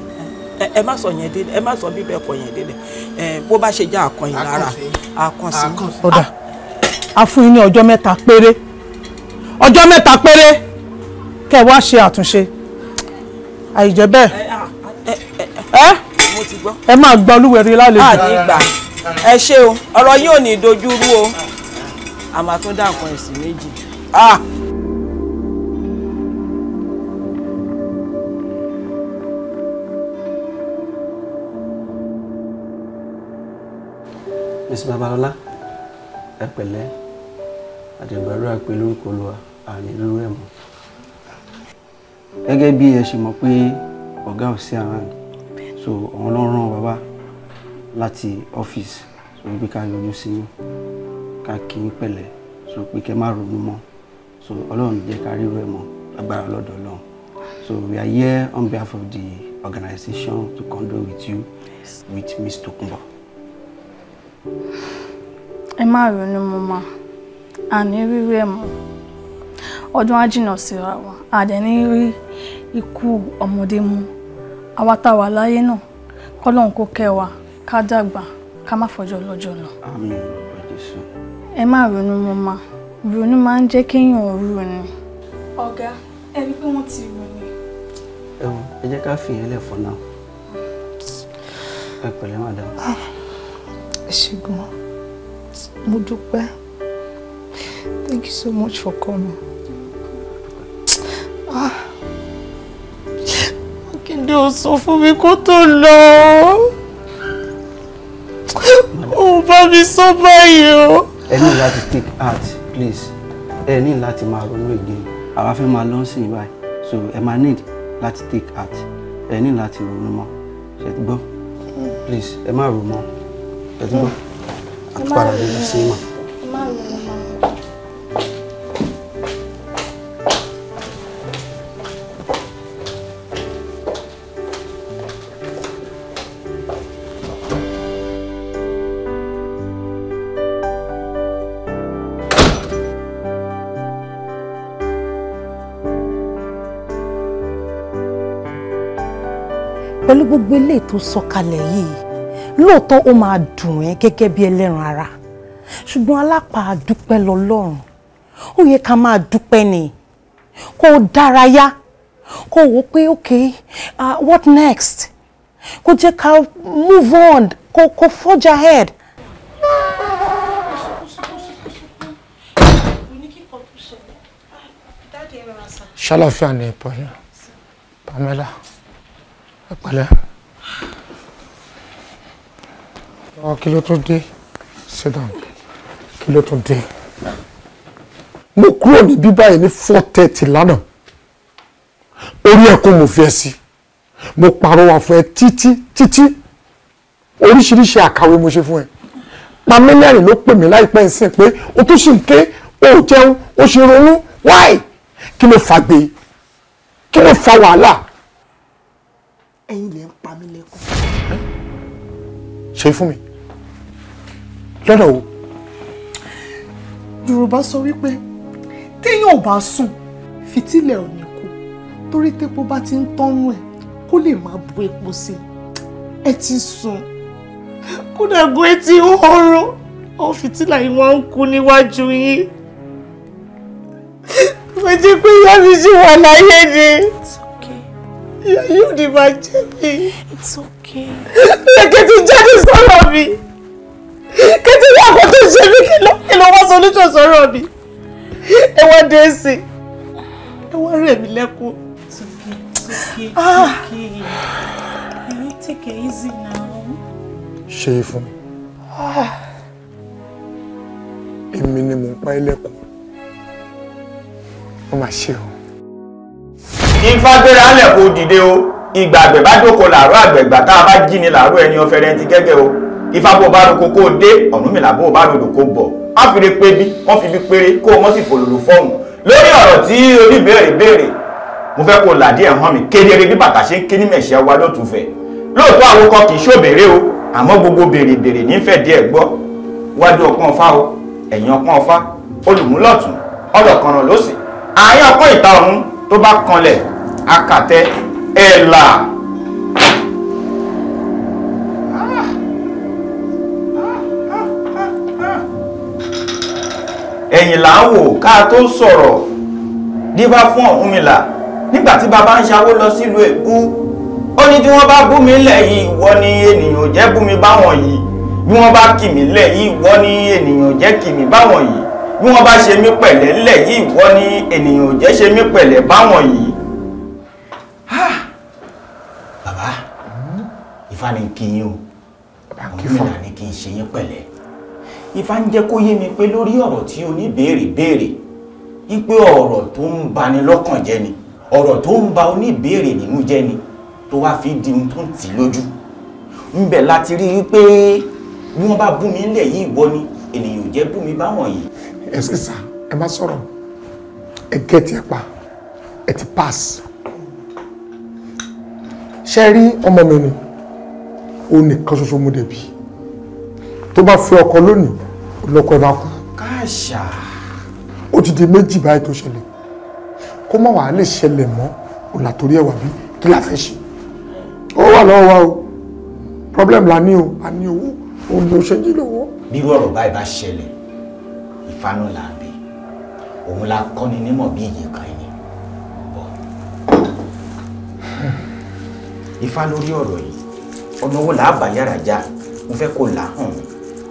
[SPEAKER 2] ẹ má sọ yẹn délẹ ẹ má sọ bíbẹ ẹkọ yẹn délẹ ẹ bó bá ṣe jẹ àkọyìn lára àkànṣe. ọ̀dà a fún yín ní ọjọ́ mẹ́ta péré ọjọ́ mẹ́ta péré kẹ́ wá ṣe àtúnṣe àìjẹ́ bẹ́ẹ̀ ẹ máa gba olúwẹ̀rí lálejò. a ní gbà ẹ ṣe o ọ̀rọ̀ yìí ò ní dojúrú o àmà tó dà kan ẹ̀sìn méjì.
[SPEAKER 5] Mrs. Babalọlá ẹ pẹ̀lẹ́ àdìgbàdúrà pé lórúkọ Olúwa àní lórí ẹ̀mọ́ gẹ́gẹ́ bí ẹ ṣe mọ̀ pé ọ̀gá ò sí àárín so àwọn ló rán bàbá láti ọ́fíìsì so wípé ká yọjú sí yín ká kí yín pẹ̀lẹ́ so pé kẹ́ má ronú mọ́ so ọlọ́run jẹ́ ká ríro ẹ̀ mọ́ agbára lọ́dọ̀ ọlọ́run so we are here on behalf of the organization to condole with you with Miss Tokunbo.
[SPEAKER 3] ẹ má ronú mo ma àní ríro ẹ̀ mọ́ ọdún á jìnnà síra wa àdẹ̀ ní
[SPEAKER 2] rí ikú ọmọdé mú. àwa ta wà láyé náà
[SPEAKER 3] kẹ́ wa ká dàgbà ká má fọjọ́ lọ́jọ́ lọ. ma ronú máa ń jẹ́ kéèyàn rú ni.
[SPEAKER 4] ọ̀gá ẹ rí pé
[SPEAKER 2] wọ́n ti rú ni.
[SPEAKER 3] ẹ jẹ́ ká náà ẹ
[SPEAKER 2] pẹ̀lẹ́ ah, thank you so much for coming. Ah. Kíndé ò sọ fún mi kó tó lọ. Ò bá mi sọ báyìí o.
[SPEAKER 5] Ẹ ní láti take heart please. Ẹ ní láti máa ronú èdè. Àwa fẹ́ máa lọ sí ìbáyìí. So ẹ máa need láti take heart. Ẹ ní láti ronú mọ́. Ṣé ti gbọ́? Please ẹ má ronú mọ́. Ṣé ti gbọ́? Àtúpalà lè lọ sí ìmọ̀.
[SPEAKER 2] pẹ̀lú gbogbo eléyìí tó sọ̀kalẹ̀ yìí lóòótọ́ ó máa dùn ẹ́ gẹ́gẹ́ bí ẹlẹ́ran ara ṣùgbọ́n alápàá dúpẹ́ lọ́lọ́run ó yẹ ká máa dúpẹ́ ni kó o dárayá kó o wò pé ok uh, what next kó jẹ́ ká move on kó kó forge ahead. ṣàlàfíà ni ìpọ́njú Pamela ẹ pẹ̀lẹ́ ọ kí ló tún dé sit down kí ló tún dé mo kúrò níbí báyìí ní four thirty lánàá orí ẹkún mo fi ẹ sí mo pàrọwà fún ẹ títí títí oríṣiríṣi àkàwé mo ṣe fún ẹ pa mílíọ̀nù ló pè mí láìpẹ́ ìsìn pé o tún ṣì ń ké o jẹun o ṣe ronú wáì kí ló fàgbé kí ló fa wàhálà ẹ̀yin lè ń pa mí lẹ́kọ̀ọ́. ṣe fún mi lọ́dọ̀ wo. yorùbá sọ wípé téèyàn ò bá sùn fìtílẹ̀ ò ní kú torí tépo bá ti ń tọ́nú ẹ̀ kó lè máa bu epo sí i ẹ ti sùn kódà gan ẹ ti hóró ó fìtílà yìí wọ́n ń kú níwájú yín mo jẹ́ pé yá mi ṣì wà láyé ni yóò you máa jẹ́ mi. it's okay. lẹ́kẹ̀ tó jáde sọ̀rọ̀ mi kẹ́tí ní àkọ́ tó ṣe mí kí ló wá solution sọ̀rọ̀ mi ẹ wá dé sí ẹ wá rẹ̀ mí ah. you Take it easy now. Shave ah. him. Èmi ni mò ń pa ẹlẹ́kùn. Ó mà ìfagbéra ńlẹ̀ kò dìde o ìgbà àgbẹ̀ bá jókòó làárọ̀ àgbẹ̀gbà tá a bá jí ni làárọ̀ ẹni ọ̀fẹ́rẹ́ ti gẹ́gẹ́ o ìfapò bá roko kó dé Ọ̀rúnmìlà bó bá rodò kó bọ̀ á fi re pé bí wọ́n fi bí péré kó wọ́n sì fòlòlò fọ́ọ̀mù lórí ọ̀rọ̀ tí oníbèrè béèrè mo fẹ́ kó làdí ẹ̀ hàn mí kedere bí bàtà ṣe ń ké ní mẹ̀ṣẹ̀ wa lótùú fẹ̀ lóòótọ́ àwọn kan kì í ṣòbèrè o àmọ́ gbogbo bèrè bèrè nífẹ̀ẹ́ díẹ̀ gbọ́ wájú ọpọ́n ọfá o ẹ̀yìn ọpọ́n ọfá olùmúlọ̀tún ọlọ́kanràn lọ́sìn àárín ọpọ́n ìta ọ̀run tó bá kanlẹ̀ akatẹ ẹ̀là. ẹ̀yìn là ń wò ká tó sọ̀rọ̀ díbá fún Ọ̀rúnmìlà nígbà tí bàbá ń ṣawó lọ sílùú Èkó ó ní tí wọ́n bá bú mi lẹ́yìn ìwọ ni ènìyàn jẹ́ bú mi báwọn yìí bí wọ́n bá kì mí lẹ́yìn ìwọ ni ènìyàn jẹ́ kì mí báwọn yìí bí wọ́n bá ṣe mí pẹ̀lẹ́ lẹ́yìn ìwọ ni ènìyàn jẹ́ ṣe mí pẹ̀lẹ́ báwọn yìí ifá ni kí yín o àwọn mìíràn ni kí n ṣe yín pẹ̀lẹ́ ifá ń jẹ́ kó yé mi pé lórí ọ̀rọ̀ tí oníbèrè béèrè wípé ọ̀rọ̀ tó ń bani lọ́kàn jẹ́ ni ọ̀rọ̀ tó ń ba oníbèrè nínú jẹ́ ni tó wá fi di ohun tó ń tì lójú ńbẹ̀ láti rí i pé bí wọ́n bá bú mi nílẹ̀ yìí ìwọ ni ènìyàn ò jẹ́ bú mi báwọn yìí. ẹ sísà ẹ má sọ̀rọ̀ ẹ gẹ́ẹ̀tì ẹ pa ẹ ti pass ṣe rí ọmọ mi ni ó nìkan ṣoṣo mú dẹ̀bi tó bá fẹ́ ọkọ lónìí lọ́kọ ẹ̀ máa kú. káàṣà. ó ti di méjì báyìí tó ṣẹlẹ̀ kó má wàá lè ṣẹlẹ̀ mọ́ òlà torí ẹ̀wà bí kí la fẹ́ ṣe ó wà lọ́wọ́ wa o problem la ní o a ní owó òun ló ṣe jí lówó. bírú ọ̀rọ̀ báyìí bá ṣẹlẹ̀ ìfanú là ń bẹ òun la kọ́ni nímọ̀ bí ìyè kan yìí bọ̀ ifá lórí ọ̀rọ̀ yìí ọ̀nà owó là á bà yàrá já mo fẹ́ kó là hàn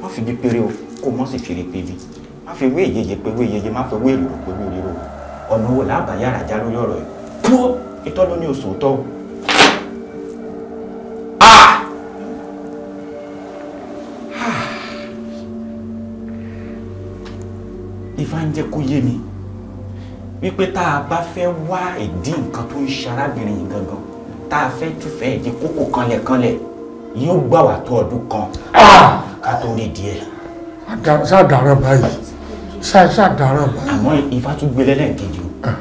[SPEAKER 2] má fi bí péré o kó mọ́ sì fi rí pébi má fi wé ìyeyè pé wé ìyeyè má fi wé èrò pé wé èrò ọ̀nà owó là á bà yàrá já lórí ọ̀rọ̀ yìí wọ́n ìtọ́ ló ní oṣù tó. Ah! Ah! Ifá ń jẹ́ kó yé mi wípé tá a bá fẹ́ wá ìdí nǹkan tó ń ṣe arábìnrin yìí gangan tá a fẹ́ tìfẹ́ ìdí kókò kanlẹ̀ kanlẹ̀ yóò gbà wá tó ọdún kan ah! ká tó rí díẹ̀.
[SPEAKER 3] ṣáàdàrà báyìí
[SPEAKER 2] ṣáàdàrà báyìí. àmọ́ ifá tún gbélé lẹ́ẹ̀kejì o ah.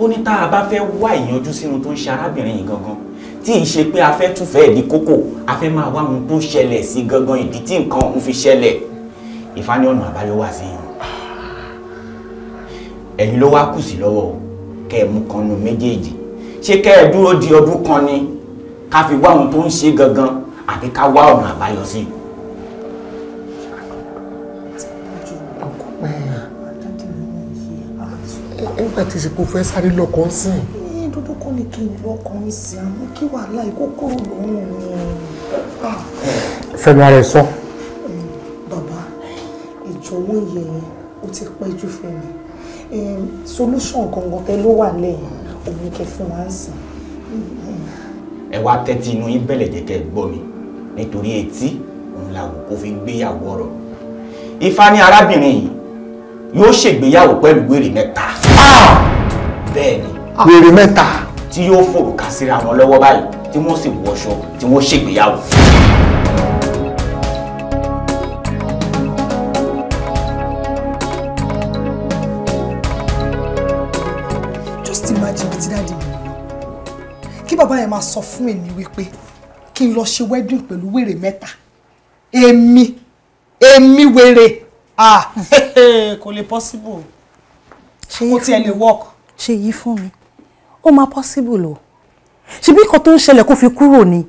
[SPEAKER 2] ó ní tá a bá fẹ́ wá ìyanjú sínú tó ń ṣe arábìnrin yìí gangan tí ì ṣe pé a fẹ́ túfẹ̀ẹ́ di kókó a fẹ́ máa wá ohun tó ṣẹlẹ̀ sí gangan ìdí tí nǹkan ń fi ṣẹlẹ̀ ifá ní ọ̀nà àbáyọ wà sí yìí
[SPEAKER 1] ẹ̀yin ló wá kù sí lọ́wọ́ o kẹ́ ẹ mú kan nu méjèèjì
[SPEAKER 2] ṣé kẹ́ ẹ dúró di ọdún kan ni ká fi wá ohun tó ń ṣe gangan àbí ká wá ọ̀nà àbáyọ sí. nígbà tí ìsìnkú fẹ́ sáré lọ́kọ̀ ń sìn. ẹ dúdú kọ́ ni kí n lọ́kùnrin sí àmọ́ kí wàhálà ìkókó lòun ni. fẹnu ara ẹ sọ. bàbá ìjọ̀wọ́ yẹn ó ti pẹ́ jù fún mi solution gangan tẹ ló wà lẹ́yìn òun kẹ fún wa ń sìn. ẹ wá tẹ́tí inú yín bẹ̀lẹ̀ jẹ́ kẹ́ ẹ gbọ́ mi
[SPEAKER 1] nítorí etí òun làwò kó fi gbéyàwó ọ̀rọ̀ ifá ní arábìnrin yìí
[SPEAKER 2] yóò ṣègbéyàwó pẹ̀lú wèrè mẹ́ta ah! bẹ́ẹ̀ ni ah! wèrè mẹ́ta tí yóò fòrùka síra wọn lọ́wọ́ báyìí tí wọ́n sì wọṣọ tí wọ́n ṣègbéyàwó. just imagine bí ti dáàdi mi kí bàbá yẹn máa sọ fún èmi wípé kí n lọ ṣe wedding pẹ̀lú wèrè mẹ́ta èmi èmi wèrè ah kò lè possible kò tiẹ̀ lè work. ṣe yí fún mi ó máa possible o ṣebí nǹkan tó ń ṣẹlẹ̀ kó fi kúrò ni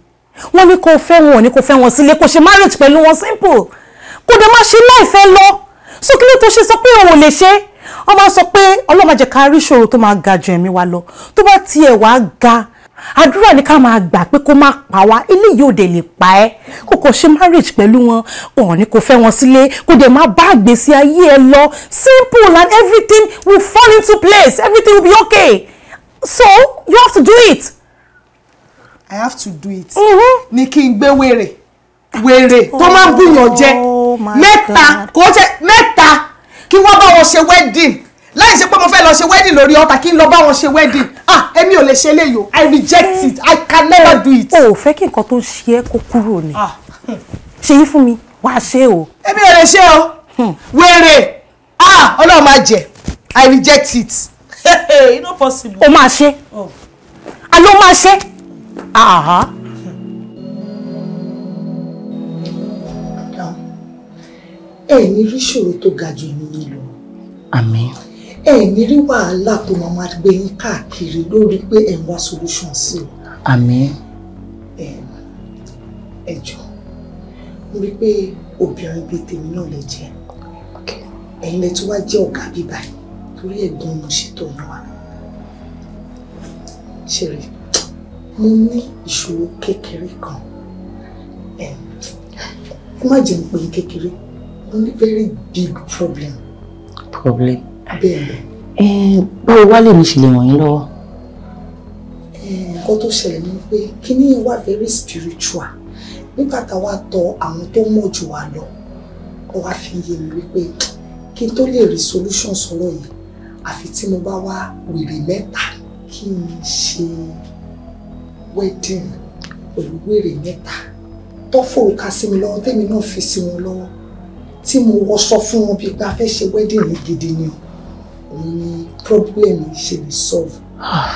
[SPEAKER 2] wọ́n ní kó fẹ́ wọn ò ní kó fẹ́ wọn sílé kó ṣe marriage pẹ̀lú wọn simple kó dẹ̀ máa ṣe láìfẹ́ lọ so kí ló tó ṣe sọ pé òun ò lè ṣe wọ́n máa sọ pé ọlọ́mọ rí ìṣòro tó máa ga ju ẹ̀mí wa lọ tó bá tiẹ̀ wá ga àdúrà ni ká máa gbà pé kó má pa wá eléyìí ò dé lè pa ẹ́ kó kò ṣe marriage pẹ̀lú wọn ọ̀hún ni kò fẹ́ wọn sílé kó dẹ̀ má bá àgbèsí ayé ẹ lọ simple and everything will fall into place everything will be okay so you have to do it. I have to do it. Mm-hmm. ni kí n gbé wèrè wèrè tó máa ń bùyàn jẹ oh, oh mẹ́ta kò jẹ mẹ́ta kí wọ́n bá wọn ṣe wedding láì ṣe pé mo fẹ́ lọ ṣe wedding lórí ọ̀tà kí n lọ bá wọn ṣe wedding ah èmi ò lè ṣe eléyìí o i reject it i can never do it. o ò fẹ́ kí nǹkan tó ń ṣe ẹ́ kó kúrò ni ah, hmm. ṣe yí fún mi wàá ṣe o. èmi ò lè ṣe o hmm. wèrè ah ọlọ́run máa jẹ i reject it. it's not possible. o máa ṣe àlọ́ oh. máa ṣe. ẹ̀yin rí ṣòro tó ga jù ní ìlú. àmín ẹ ní rí wàhálà tó máa máa gbé yín káàkiri lórí pé ẹ ń wá solution sí o. àmín. ẹ jọ mo rí pé obìnrin bíi tèmi náà lè jẹ ẹ̀yin lẹ tó wá jẹ ọ̀gá bíbá yìí torí ẹ̀gbọ́n mo ṣètò yín wa ṣeré mo ní ìṣòro kékeré kan kó má jẹun pé kékeré mo ní very big problem. problem báwo wá lè mi ṣe lè ràn yín lọ́wọ́. nǹkan tó ṣẹlẹ̀ ni pé kíní wà very spiritual nígbà táwa tọ àwọn tó mọ̀ jù wá lọ ó wá fi yé mi wípé kí n tó lè rí solution sọ̀rọ̀ yìí àfi tí mo bá wá wèrè mẹ́ta kí n ṣe wedding pẹ̀lú wèrè mẹ́ta tó fòrùka sí mi lọ́wọ́ tẹ́mi náà fi sí wọn lọ́wọ́ tí mo wọṣọ fún wọn bí pé a fẹ́ ṣe wedding gidi ni o òun ni problem ṣe lè solve. Ah.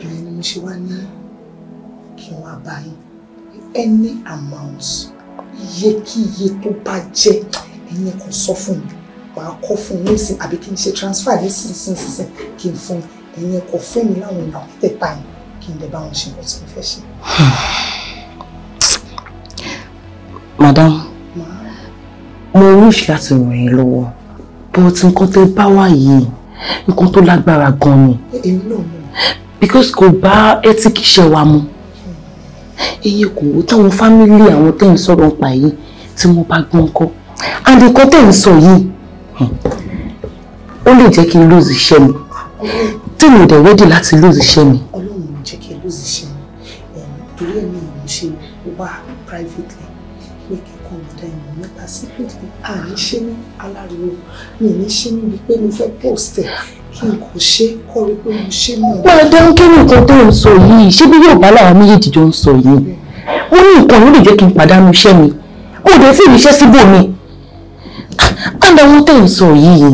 [SPEAKER 2] ìyẹn ni mo ṣe wá ní kí wọ́n bá yín any amount iyekíye tó bá jẹ́ ẹ̀yin kan sọ fún mi pàá kọ́ fún to sí àbí kí n ṣe transfer ní sínsínsínsín kí n fún ẹ̀yin ẹ̀kọ́ fún mi láwọn the time. yìí kí n lè bá wọn ṣe nǹkan tí mo fẹ́ madam mo wish that ràn yín alone but nǹkan tẹ́ bá wà yìí nǹkan tó lágbára gan ni because kò bá ẹ́tíkì iṣẹ́ wa mu iye kò wó táwọn fámílì àwọn tẹ́ ń sọ̀rọ̀ nípa yìí tí wọ́n bá gbọ́n kọ́ and nǹkan tẹ́ ń sọ yìí hmm, ó lè jẹ́ kí n lose iṣẹ́ mi tí mi ò dẹ̀ ready láti lose iṣẹ́ mi. ọlọ́run ò jẹ́ kí n lose iṣẹ́ mi torí ẹ̀mí ìmọ̀ ṣe wá privately àní ṣe ní aláriwo mi ní ṣe níbi pé mo fẹ́ post ẹ̀ kí n kò ṣe kọ́ rí pé mo ṣe náà. wọ́n ẹ̀dá ń kéwì nǹkan tó ń sọ yìí ṣé bí yóò bá làwọn méjèèjì jọ ń sọ yìí wọ́n ní nǹkan ló lè jẹ́ kí n pàdánù iṣẹ́ mi ó dé sí ìríṣẹ́ síbòmí àdá wọn tẹ̀ ń sọ yìí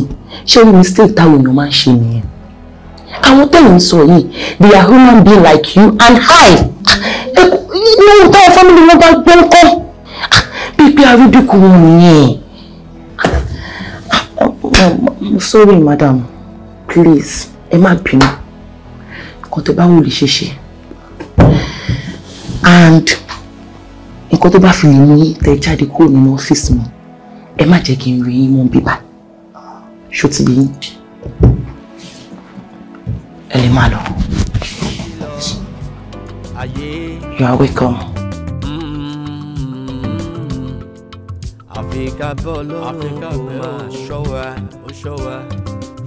[SPEAKER 2] ṣé orí mistake táwọn èèyàn máa ń ṣe nìyẹn àwọn tẹ̀ ń sọ yìí they are human being like you and I ní ohun táwọn family wọn bá gbọ́ ń kọ́ bíi pé arúgbó kò wọ́n nìyẹn. I'm sorry madam please ẹ má bínú nǹkan tó bá wù lè ṣe ṣe and nǹkan tó bá fi lè mú tẹ jáde kúrò nínú ọ́fíìsì mi ẹ má jẹ́ be n rí yín mọ́ bíbá ṣó ti bí yín ẹ lè máa lọ. You are welcome.
[SPEAKER 3] àfikà bọ́ọ̀lù àfikà máa ṣọ́wà ó ṣọ́wà.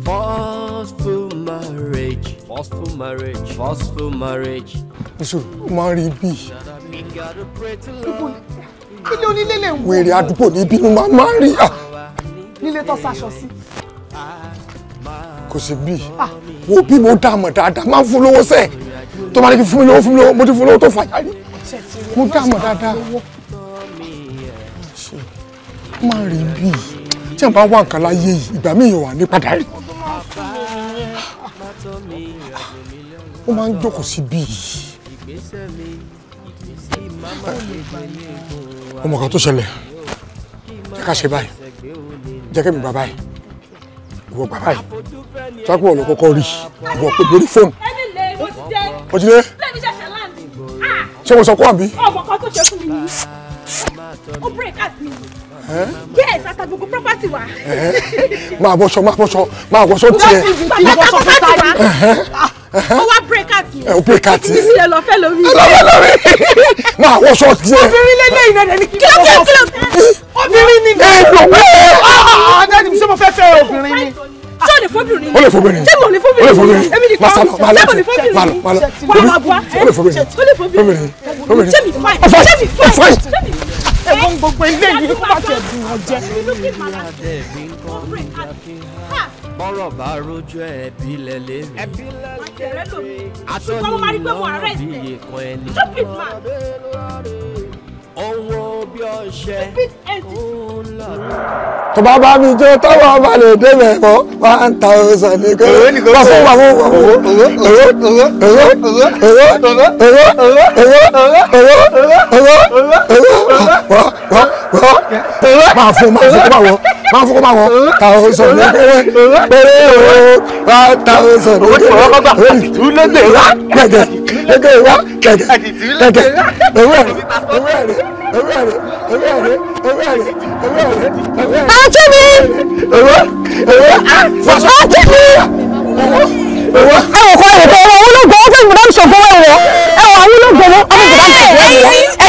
[SPEAKER 3] forceful marriage forceful marriage forceful marriage.
[SPEAKER 2] oṣù máa rí bí. ilé onílé lè wọ. wèrè àdúgbò ní ìbínú máa máa rí. Ah! nílé tó ṣaṣọ sí. kò sí bí ah! wo bí mo dá àmọ̀ dáadáa máa ń fún lówó sẹ́ẹ̀ tó máa ní kí fún mi lówó fún mi lówó mo ti fún lówó tó fàyà rí mo dá àmọ̀ dáadáa má rí bí tí a bá wà nǹkan láyé yìí ìgbà míì yóò wà ní padà rí. ó máa ń jókòó sí bí yìí. ọmọ kan tó ṣẹlẹ̀ jẹ́ ká ṣe báyìí jẹ́ kẹ́mi bàbá yìí ìwọ bàbá yìí sákúrò ló kọ́kọ́ rí ìwọ pé lórí fóònù. ó ṣé mo sọ kó àbí. ọmọ kan tó ṣe fún mi ni ó break out mi yes ata gbogbo property wa. Eh? máa wọṣọ máa wọṣọ máa wọṣọ tiẹ. bàbá ta property wa ó eh? wá break out yẹn. ẹ o break out yẹn. ìdí
[SPEAKER 1] sílẹ̀ lọ fẹ́ lórí. lọ́wọ́ lórí máa wọṣọ tiẹ. obìnrin lẹ́lẹ́
[SPEAKER 2] ìrẹ̀lẹ̀ ni kí ló kí ló obìnrin ni. ẹ jọ wẹ́ ẹ. ọ̀ọ́dẹ́ni ṣé mo fẹ́ fẹ́ obìnrin ni. ṣé o lè fọbìnrin ni. o lè fọbìnrin ni. ṣé mo lè fọbìnrin ni. èmi nìkan ṣé mo lè fọbìnrin Ma wà á wà á lọ. o lè fọbìnrin ni. o lè fọbìnrin ni. ṣé mi fine. ṣé mi fine ẹ̀gbọ́n gbogbo ilé yìí kó má tẹ̀
[SPEAKER 3] dùn wọn bọ́rọ̀ bá rojú ẹbí lẹ lémi atọ́ni lọ́rọ̀ bí kan ẹni. ohun tó bá bá
[SPEAKER 2] mi jó tọ́wọ́ ọba lè débẹ̀ mọ́ one thousand ní kò wọ́n fún wa fún wa fún owó owó owó owó owó owó owó
[SPEAKER 4] owó owó owó owó owó
[SPEAKER 2] máa fún máa fún kó máa wọ máa fún kó máa wọ tàwọsàn ló péré péré o wá tàwọsàn ló péré o lẹgẹ wá lẹgẹ lẹgẹ wá lẹgẹ lẹgẹ ewé rẹ ewé rẹ ewé rẹ ewé rẹ ewé rẹ ewé rẹ. àti mi. ewé ewé fọṣọ. àti mi. owó. ẹ wò kọ́ ẹ̀ ẹ̀ wọ́n ló gbọ́ ọ́ fún ìmúdánù ṣògbówó ẹ̀ wọ́n ẹ̀ wọ́n àwọn ló gbọ́ ọ́ fún ìmúdánù ṣògbówó ẹ̀ wọ́n.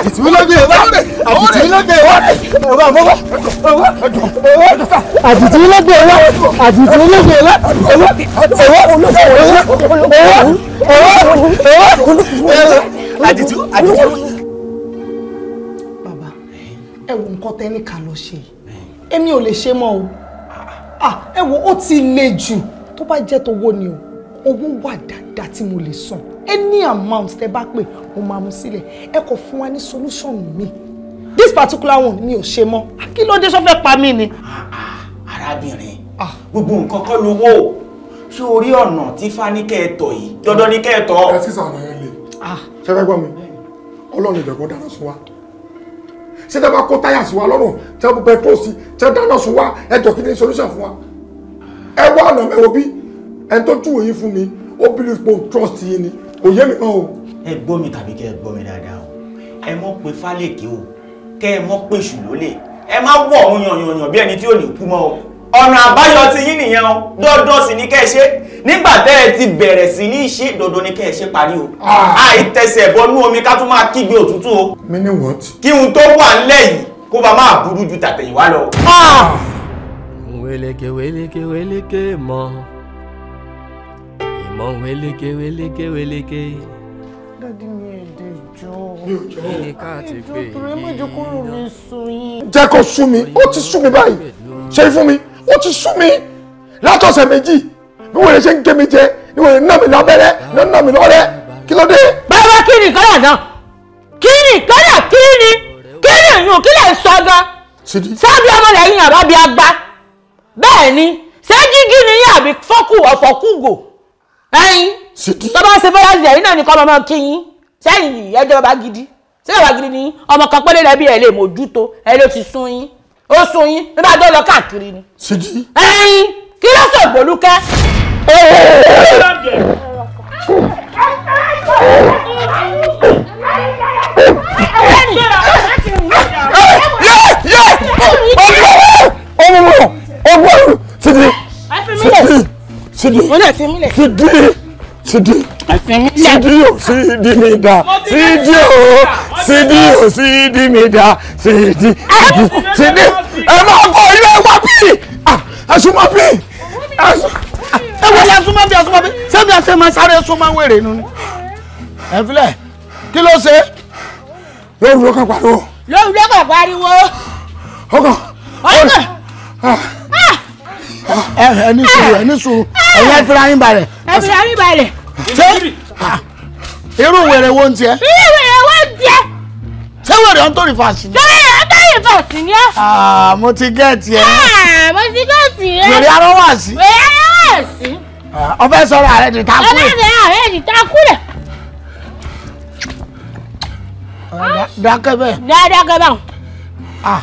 [SPEAKER 2] àdìtú lọ́gbẹ̀ wá àdìtú lọ́gbẹ̀ wá ẹ̀wà mọ́wọ́ ẹ̀wà àdìtú lọ́gbẹ̀ wá àdìtú lọ́gbẹ̀ wá ẹ̀wà ẹ̀wà ẹ̀wà ẹ̀wà ẹ̀wà àdìtú àdìtú. bàbá ẹ wo nǹkan tẹ́ ní ká lọ ṣe èmi ò lè ṣe mọ́ o ah. Ah, ẹ wo ó ti le jù tó bá jẹ́ tówó ni o owó wà dáadáa tí mo lè san any amount tẹ bá pè mo máa mú sílẹ̀ ẹ kò fún wa ní solution mi this particular one mi ò ṣe mọ́ ah, kí ló dé sọ fẹ́ pa mí ni. arábìnrin ah. gbogbo nǹkan kọ́ lówó ṣé orí ọ̀nà tí fáníkẹ́ tọ̀ yìí dandan ni kẹ́ tọ̀. ẹ sísan ọ̀nà yẹn lè ah. ṣe fẹ́ gbọ́ mi ọlọ́run ìjọ̀gbọ́n dáná sun wa ṣé tẹ́ bá kó táyà sí wa lọ́rùn tẹ́ bú pẹtrol sí tẹ́ dáná sun wa ẹ jọ kí ni solution fún wa ẹ wá ọ̀nà mẹ́wọ́ bíi ẹni tó júwèé yín fún mi ó bílí pé ó trust yín ni kò yé mi kan o. ẹ gbọ́ mi tàbí kẹ́ ẹ gbọ́ mi dáadáa o ẹ mọ̀ pé fálèké o kẹ́ ẹ mọ̀ pé èṣù ló lè ẹ má wọ̀ ọ̀hún yànyànyàn bí ẹni tí ò ní kú mọ́ o ọ̀nà àbáyọ ti yín nìyẹn o dandan sì ni kẹ́ ẹ ṣe nígbà tẹ́ ẹ ti bẹ̀rẹ̀ sí ní ṣe dandan ni kẹ́ ẹ ṣe parí o ah. àìtẹsẹ̀ bọnú omi ká tún máa kígbe òtútù o. meaning what. kí n tó wà ńlẹ̀ yìí kó bá máa burú ju tàtẹ̀yìnwá
[SPEAKER 3] lọ. Ah. wélékè wélékè wélékè mọ́ ọmọ wéléke wéléke wéléke.
[SPEAKER 2] dádì mi èdè jọ
[SPEAKER 3] ìníká ti gbé yìí. ìjọba ìjọba kúrò
[SPEAKER 2] mi sùn yìí. jẹ́ kó sú mi ó ti sú mi báyìí ṣe fún mi ó ti sú mi látọ̀sẹ̀ méjì bí wọ́n lè ṣe ń gé mi jẹ ni wọ́n lè ná mi lábẹ́rẹ́ ní ná mi lọ́rẹ́ kí ló dé. bàbá kí ni kọ́là náà kí ni kọ́là kí ni kí ni ìyún kí lè sọ gan. sábì ọmọ lẹ́yìn àbábí agbá bẹ́ẹ̀ ni ṣé jígí ni yín àbí fọ́kù gò ẹyin tó bá ń ṣe fẹ́rẹ́ ẹ̀yìn náà ni kọ́ ọmọ kí yín sẹ́yìn ẹjọ́ bá gidi sẹ́yìn bá gidi ni ọmọ kan péré rẹ̀ bí ẹ̀ lè mójútó ẹ̀ ló ti sun yín ó sun yín nígbà tó lọ káàkiri ni. ẹyin kí ló sọ ìgbòlúkẹ́. Yeah, yeah, yeah.
[SPEAKER 4] Oh, oh, oh, oh, oh, oh, oh,
[SPEAKER 2] oh, oh, oh, oh, oh, sídi sídi sídi sídi o sídi mi da sídi o
[SPEAKER 4] sídi o sídi mi da sídi sídi ẹ
[SPEAKER 2] máa bọ̀ ilé wa bí ah, àsùnmọ́ bí ẹ wọ ilé àsùnmọ́ bí àsùnmọ́ bí sẹ́mi àti ẹ̀ma sáré súnmọ́ wèrè nínú ni ẹ filẹ̀ kí ló ṣe. yóò wúlò kan pariwo. yóò wúlò kan pariwo. ọkàn ọkàn. Ah. Eh, eh, ẹ ní sùúrù eh, ẹ ní sùúrù ẹ̀yin ẹ fira yín balẹ̀. ẹ fira yín balẹ̀. ṣé irú wèrè wo ń tiẹ̀. irú wèrè wo ń tiẹ̀. ṣé wèrè ọ̀n tó rí fàṣì ni. ṣé wèrè ọ̀n tó rí fàṣì ni. mo ti gẹ̀ẹ́tì ẹ. Ah, mo ti gẹ̀ẹ́tì ẹ. wèrè arọ́wàsí. wèrè arọ́wàsí. ọbẹ̀ sọ̀rọ̀ àrẹ ti takú rẹ̀. ọbẹ̀ sọ̀rọ̀ àrẹ ti takú rẹ̀. dákẹ́ bẹ́ẹ̀. dákẹ́ bẹ́ẹ̀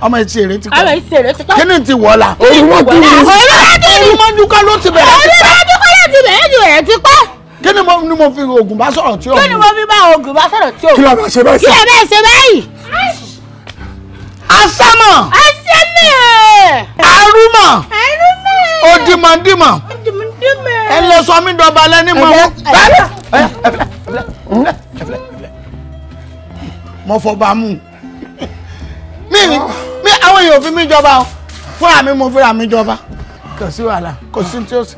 [SPEAKER 2] ọmọ ẹsẹ rẹ ti kọ ọmọ ẹsẹ rẹ ti kọ kíni ti wọ la. olùwọ́n tún mi olùwọ́n tún mi olùwọ́n dúkọ́ ló ti bẹ̀rẹ̀ ti pẹ́ olùwọ́n ti bẹ̀rẹ̀ ti bẹ̀rẹ̀ ti pẹ́. kíni mo ni mo fi oògùn bá sọ̀rọ̀ tí o. kíni mo fi bá oògùn bá sọ̀rọ̀ tí o. kí ló bá ṣe báyìí. kí ló bá ṣe báyìí. asámọ̀. asámọ̀. arúmọ̀.
[SPEAKER 4] arúmọ̀.
[SPEAKER 2] odimọ̀dimọ̀. odimọ̀dimọ̀. ẹ lọ sọ mí dọba lẹ́ni mọ́ mo fọ bàmú mi àwọn èèyàn fi mí jọba o fúnra mi mo fúnra mi jọba kò sí wàhálà kò sí tí ó sì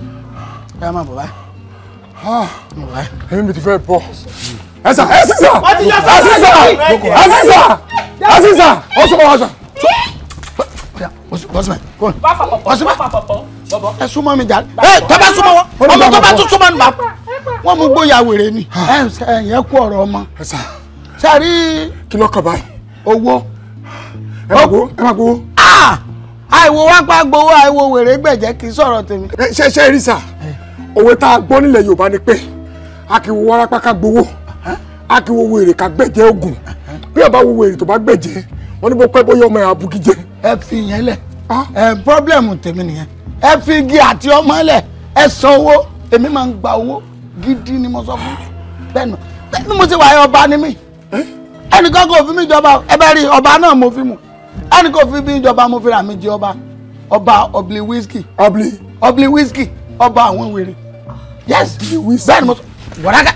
[SPEAKER 2] ẹ má bọ̀ báyìí. ẹ̀mí mi ti fẹ́ bọ̀ ẹ̀sà ẹ̀sìsà ẹ̀sìsà ẹ̀sìsà ẹ̀sìsà ọ̀sùnmọ̀ wàṣà. Bọ́sùmẹ̀ kò ní. Bọ́sùmẹ̀ ẹ súnmọ́ mi jàre. Ẹ tọ́ba súnmọ́ wọn. Ọmọ tọ́ba tún súnmọ́ nípa. Wọ́n mú gbóyà wèrè ni. Ẹ ẹ yẹn kú ọ̀rọ̀ ọmọ. Ẹ sà. Sari. Kí ló kàn báyìí? Owó. Ah! àìwò wá pa gbowó àìwò wèrè gbẹ̀jẹ̀ kì í sọ̀rọ̀ tèmi. ṣe ṣe rí sà òwe tá a gbọ́ nílẹ̀ yorùbá ni pé a kì í wo wárápá ká gbowó a kì í wo wèrè ká gbẹ̀jẹ̀ oògùn bí ọba wo wèrè tó bá wọn ni bó pẹ́ bóyá ọmọ ẹ̀ abúkí jẹ. ẹ fi lẹ ẹ tèmi nìyẹn fi igi àti ọmọ lẹ ẹ san owó èmi máa ń gba owó gidi ni mo sọ fún mo ti ọba ni mí kò fi mí jọba ẹ rí ọba náà mo fi á ní kò fi bí ìjọba mo fi ra mi jẹ ọba ọba ọbìlì wíṣkì ọbìlì ọbìlì wíṣkì ọba àwọn wèrè yes bẹ́ẹ̀ ni mo sọ wọ̀dáka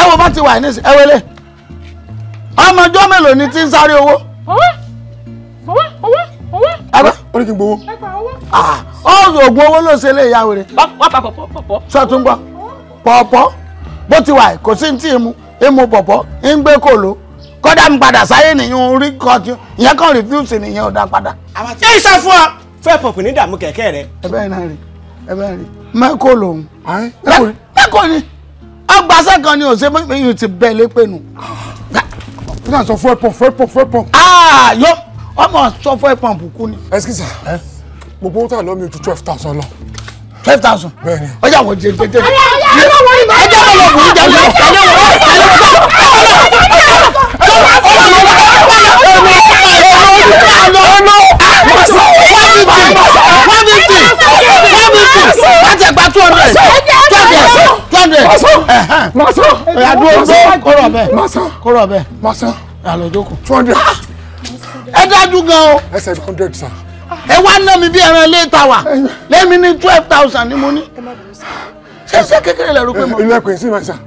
[SPEAKER 2] ẹ wo bá ti wà ní ẹ wẹlé ọmọjọ́ mélòó ni ti ń sáré owó. owó owó owó. ẹgbẹ́ ó ní kí n gbowó. ọ̀sùn ògùn owó ló ṣe lè ya wèrè. wọ́n pa pọ̀pọ̀ pọ̀pọ̀. sọ tún gbọ́ pọ̀pọ̀ bó ti wà kò sí ní tí ì mu ì mu pọ̀pọ̀ ì ń gbé kòló kódà ń padà sáyé nìyẹn orí kọtí ìyẹn kan refuse nìyẹn ò dá padà. ṣé ìṣe fún ọ fẹ́ pọ̀pù ní dààmú kẹ̀kẹ́ rẹ. ẹ bẹ́ẹ̀ náà rí ẹ bẹ́ẹ̀ rí mẹ́kò lòun. mẹ́kò ni ọgbàṣẹ́ kan ni òṣèlú yìí ti bẹ́ẹ̀ lépè nù. kí náà sọ fún ẹ pọ̀n fún ẹ pọ̀n fún ẹ pọ̀n. yọ ọmọ sọ fún ẹ pọ̀n bùkún ni. ẹ sísà gbogbo owó tà lọ mi ju twelve thousand lọ. twelve thousand. bẹ́ẹ̀ni. ọjà wọ jẹjẹjẹ. ẹ jẹ́ má san. ọ̀yà dúró gbó kóró ọ̀bẹ. má san. kóró ọ̀bẹ. má san. àlọ́ ìjókòó. two hundred. Ah! ẹ dájú gan o. ẹsẹ̀ two hundred san. ẹ wá ná mi bí ẹran ilé ìtawà lẹ́mi ní twelve thousand ni mo ní. ṣé ṣé kékeré lẹ rò pé mo. ilé ẹ̀kọ́ yìí sì máa san.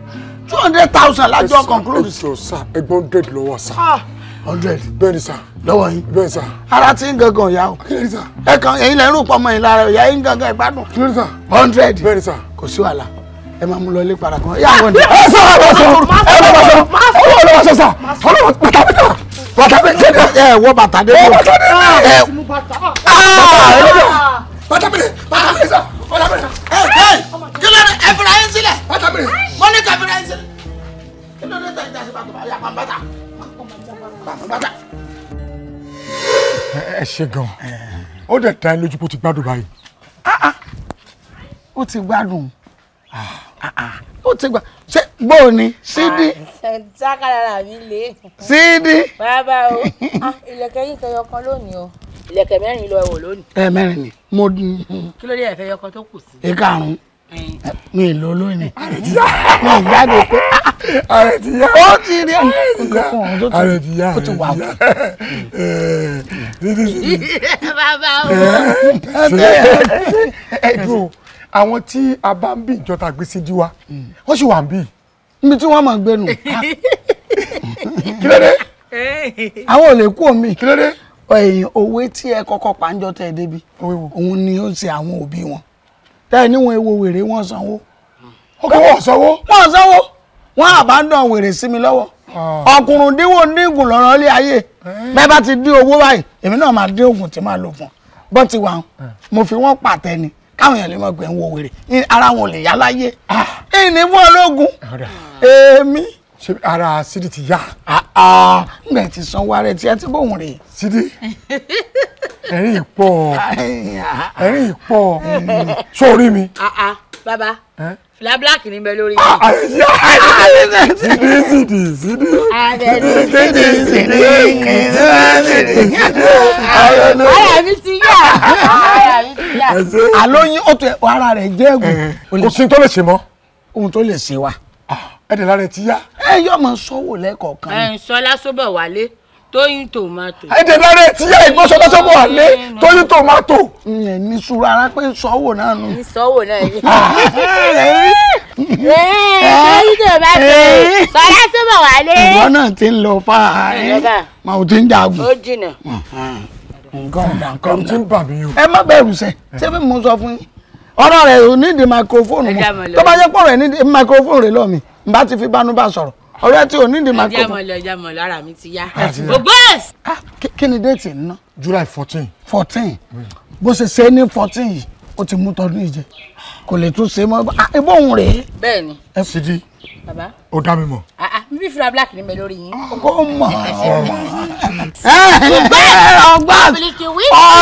[SPEAKER 2] two hundred thousand lájọ conclude. ẹ jọ sá ẹgbọ́n hundred lọ́wọ́ sá ah! hundred. bẹ́ẹ̀ni sá. lọ́wọ́ yín. bẹ́ẹ̀ni sá. ara ti ń gangan ọ̀yá o. kílódé sá. ẹ kàn ẹ̀yin lẹ́rù pọ̀ mọ́ ẹ̀yin lára ọ̀yá yín gangan ìgbádùn. hundred. bẹ́ẹ̀ni sá. kò sí wàhálà ẹ máa mú lọ ilé padà kan. yà wọ́n ni. ẹ sọ àwọn sọ ẹ lọ bá sọ ọwọ́ lọ bá sọ sà ọlọ́wọ́ bàtà mi kà bàtà mi kà ẹ wọ bàtà dé. ẹ bàtà dé. ẹ bàtà mi bàtà mi sà bàtà mi ẹ ẹ kí ló dé ẹ fìlà yín sílẹ̀ bàtà mi mọ́nìkà fìlà yín sílẹ̀ kí ló dé tẹ̀ ẹ jà sí bàtà yà pàmpátà pàmpátà ẹ ṣe gan ó dẹ̀ ta ẹ lójú kó ti gbádùn báyìí. Ah, ah. ó ti gbádùn ah ó ti gbà ṣé gbóò ni sídì. sákàlára mi lè. sídì. bàbá o ìlẹ̀kẹ̀ yìí kẹyọ kan lónìí o ìlẹ̀kẹ̀ mẹ́rin lọ ẹ̀wọ̀ lónìí. ẹ mẹ́rin ni mo. kí ló dé ẹ̀fẹ́ yọkan tó kù sí. ìkarùn mi èlò lónìí. mi ìjáde pé ààrẹ ti yá. ó ti rí ààrẹ ti yá ó ti wà wọ. bàbá o. ẹ ẹ dúró àwọn tí a bá ń bí ìjọta gbé sí diwa wọ́n sì wà ń bí. níbi tí wọ́n máa gbé nù. kí ló dé. àwọn ò lè kú omi. kí ló dé. ẹ̀yìn òwe tí ẹ kọ́kọ́ pàǹjọ tẹ̀ débi òun ni ó ṣe àwọn òbí wọn táyà níwọ̀n ewo wèrè wọn sanwó.
[SPEAKER 4] ó kọ́ wọ́n sanwó.
[SPEAKER 2] wọ́n sanwó wọ́n àbádàn wèrè sí mi lọ́wọ́ ah. ọkùnrin dínwó nígùn lọ́rọ̀ ilé ayé bẹ́ẹ̀ bá ti dín owó báyìí èmi náà máa dín oògùn tí máa lò fún bọ́ ti wà ah. mo fi wọ́n pàtẹ ni káwọn èèyàn lè mọ̀ gbẹ̀ ń wo wèrè ara wọn ò lè yá láyé ìní ah. fún ológun èmi. ṣe ara Sidi ti yá. ngbà ah, ah. tí sanwó ara ẹ ti ẹ ti bóun rè. Sidi ẹ̀rín ìpọ̀ ẹ̀rín ìpọ̀ sórí mi. bàbá fìlà black ni bẹ lórí mi. sídì sídì sídì
[SPEAKER 4] sídì sídì
[SPEAKER 2] sídì ara
[SPEAKER 4] mi ti yá ara mi ti
[SPEAKER 2] yá. àlóyún ó tún ara rẹ̀ jẹ́ ẹ̀gùn. Eh, kò sí tó lè ṣe mọ́. ohun tó lè ṣe wa. Ah, ẹ̀dẹ̀ lára ti yá. ẹ yọ ọmọ sọ́wọ́ tóyún tòmátò. ẹ tẹ̀lé rẹ tí yá ìgbọ́sọ tó sọ́kọ̀ wà lé tóyún tòmátò. ẹ ní sùúrù ara pé sọ́wọ́ náà nù. Ni sọ́wọ́ na. yìí. tóyún tòmátò sọ́lá sọ́mọ̀ wà lé. ìwọ náà ti ń lọ fà á ẹ mà ò ti ń jagun. ó jìnà. nǹkan ọ̀dà nǹkan tí ń bà mí o. ẹ má bẹ̀rù sẹ́ ṣé fí mo sọ fún yín ọ̀rọ̀ rẹ̀ ò ní di microphone mọ́ tó bá yẹ pọ̀ rẹ̀ ní microphone rẹ̀ lọ́ mi n bá ti fi bánú bá sọ̀rọ̀ ọ̀rẹ́ tí ò ní ìdí máa kó. ẹja mọ̀lẹ́ ẹja mọ̀lẹ́ ara mi ti yá. ògbóòs. Ah, kí ni déètì ń ná. July fourteen. fourteen bó ṣe ṣe é ní fourteen yìí ó ti mú tọdún ìjẹ kò lè tún ṣe mọ́ ibò ah, òun rèé. bẹ́ẹ̀ni. ẹ sì di. bàbá. o dá mi mọ̀. bíbí ah, ah, fúra black ni mẹ lórí yín. ọkọ mọ ọgbà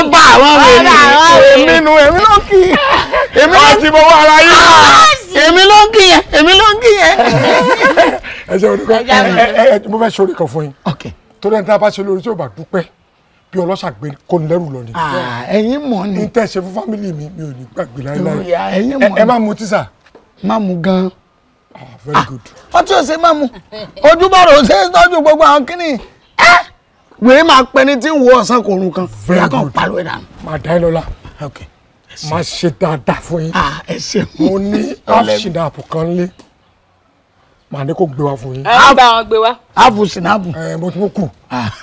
[SPEAKER 2] ọgbà àwọn ènìyàn èmi nu èmi ló kì í èmi ló ti bọwọ ara yín náà èmi ló kì í èmi ló kì í. ẹ ṣe orí kan mo fẹ́ ṣe orí kan fún yín tó lẹ́nu tí a bá ṣe lórí tí ò bá dúpẹ́ bí ọlọ́ṣà gbé kó ní lẹ́rù lọ ni. Ah, ẹ̀yin mọ̀ ni. n tẹ́ ṣe fún fámìlì mi mi ò ní gbàgbé láéláé. Ah, ẹ̀yin mọ̀ ni. ẹ má mu tísà. má mu gan-an.
[SPEAKER 4] Ah, very good.
[SPEAKER 2] ọtí ò ṣe má mu ojúbọ̀rọ̀ ò ṣe é tọ́jú gbogbo àwọn kìnnì ẹ́ wèé máa pẹ́ ní tí ń wo ọ̀sán kòrun kan. very good pàlọ́ ìdáná. máa dá ẹ lọ́la máa ṣe dáadáa fún yín. mo ní áfṣìdàpù kan lé màá ní kó gbé wa fún yín. ẹ bá wọn gbé wa. áàfù sinapu. ẹ mo tún kù.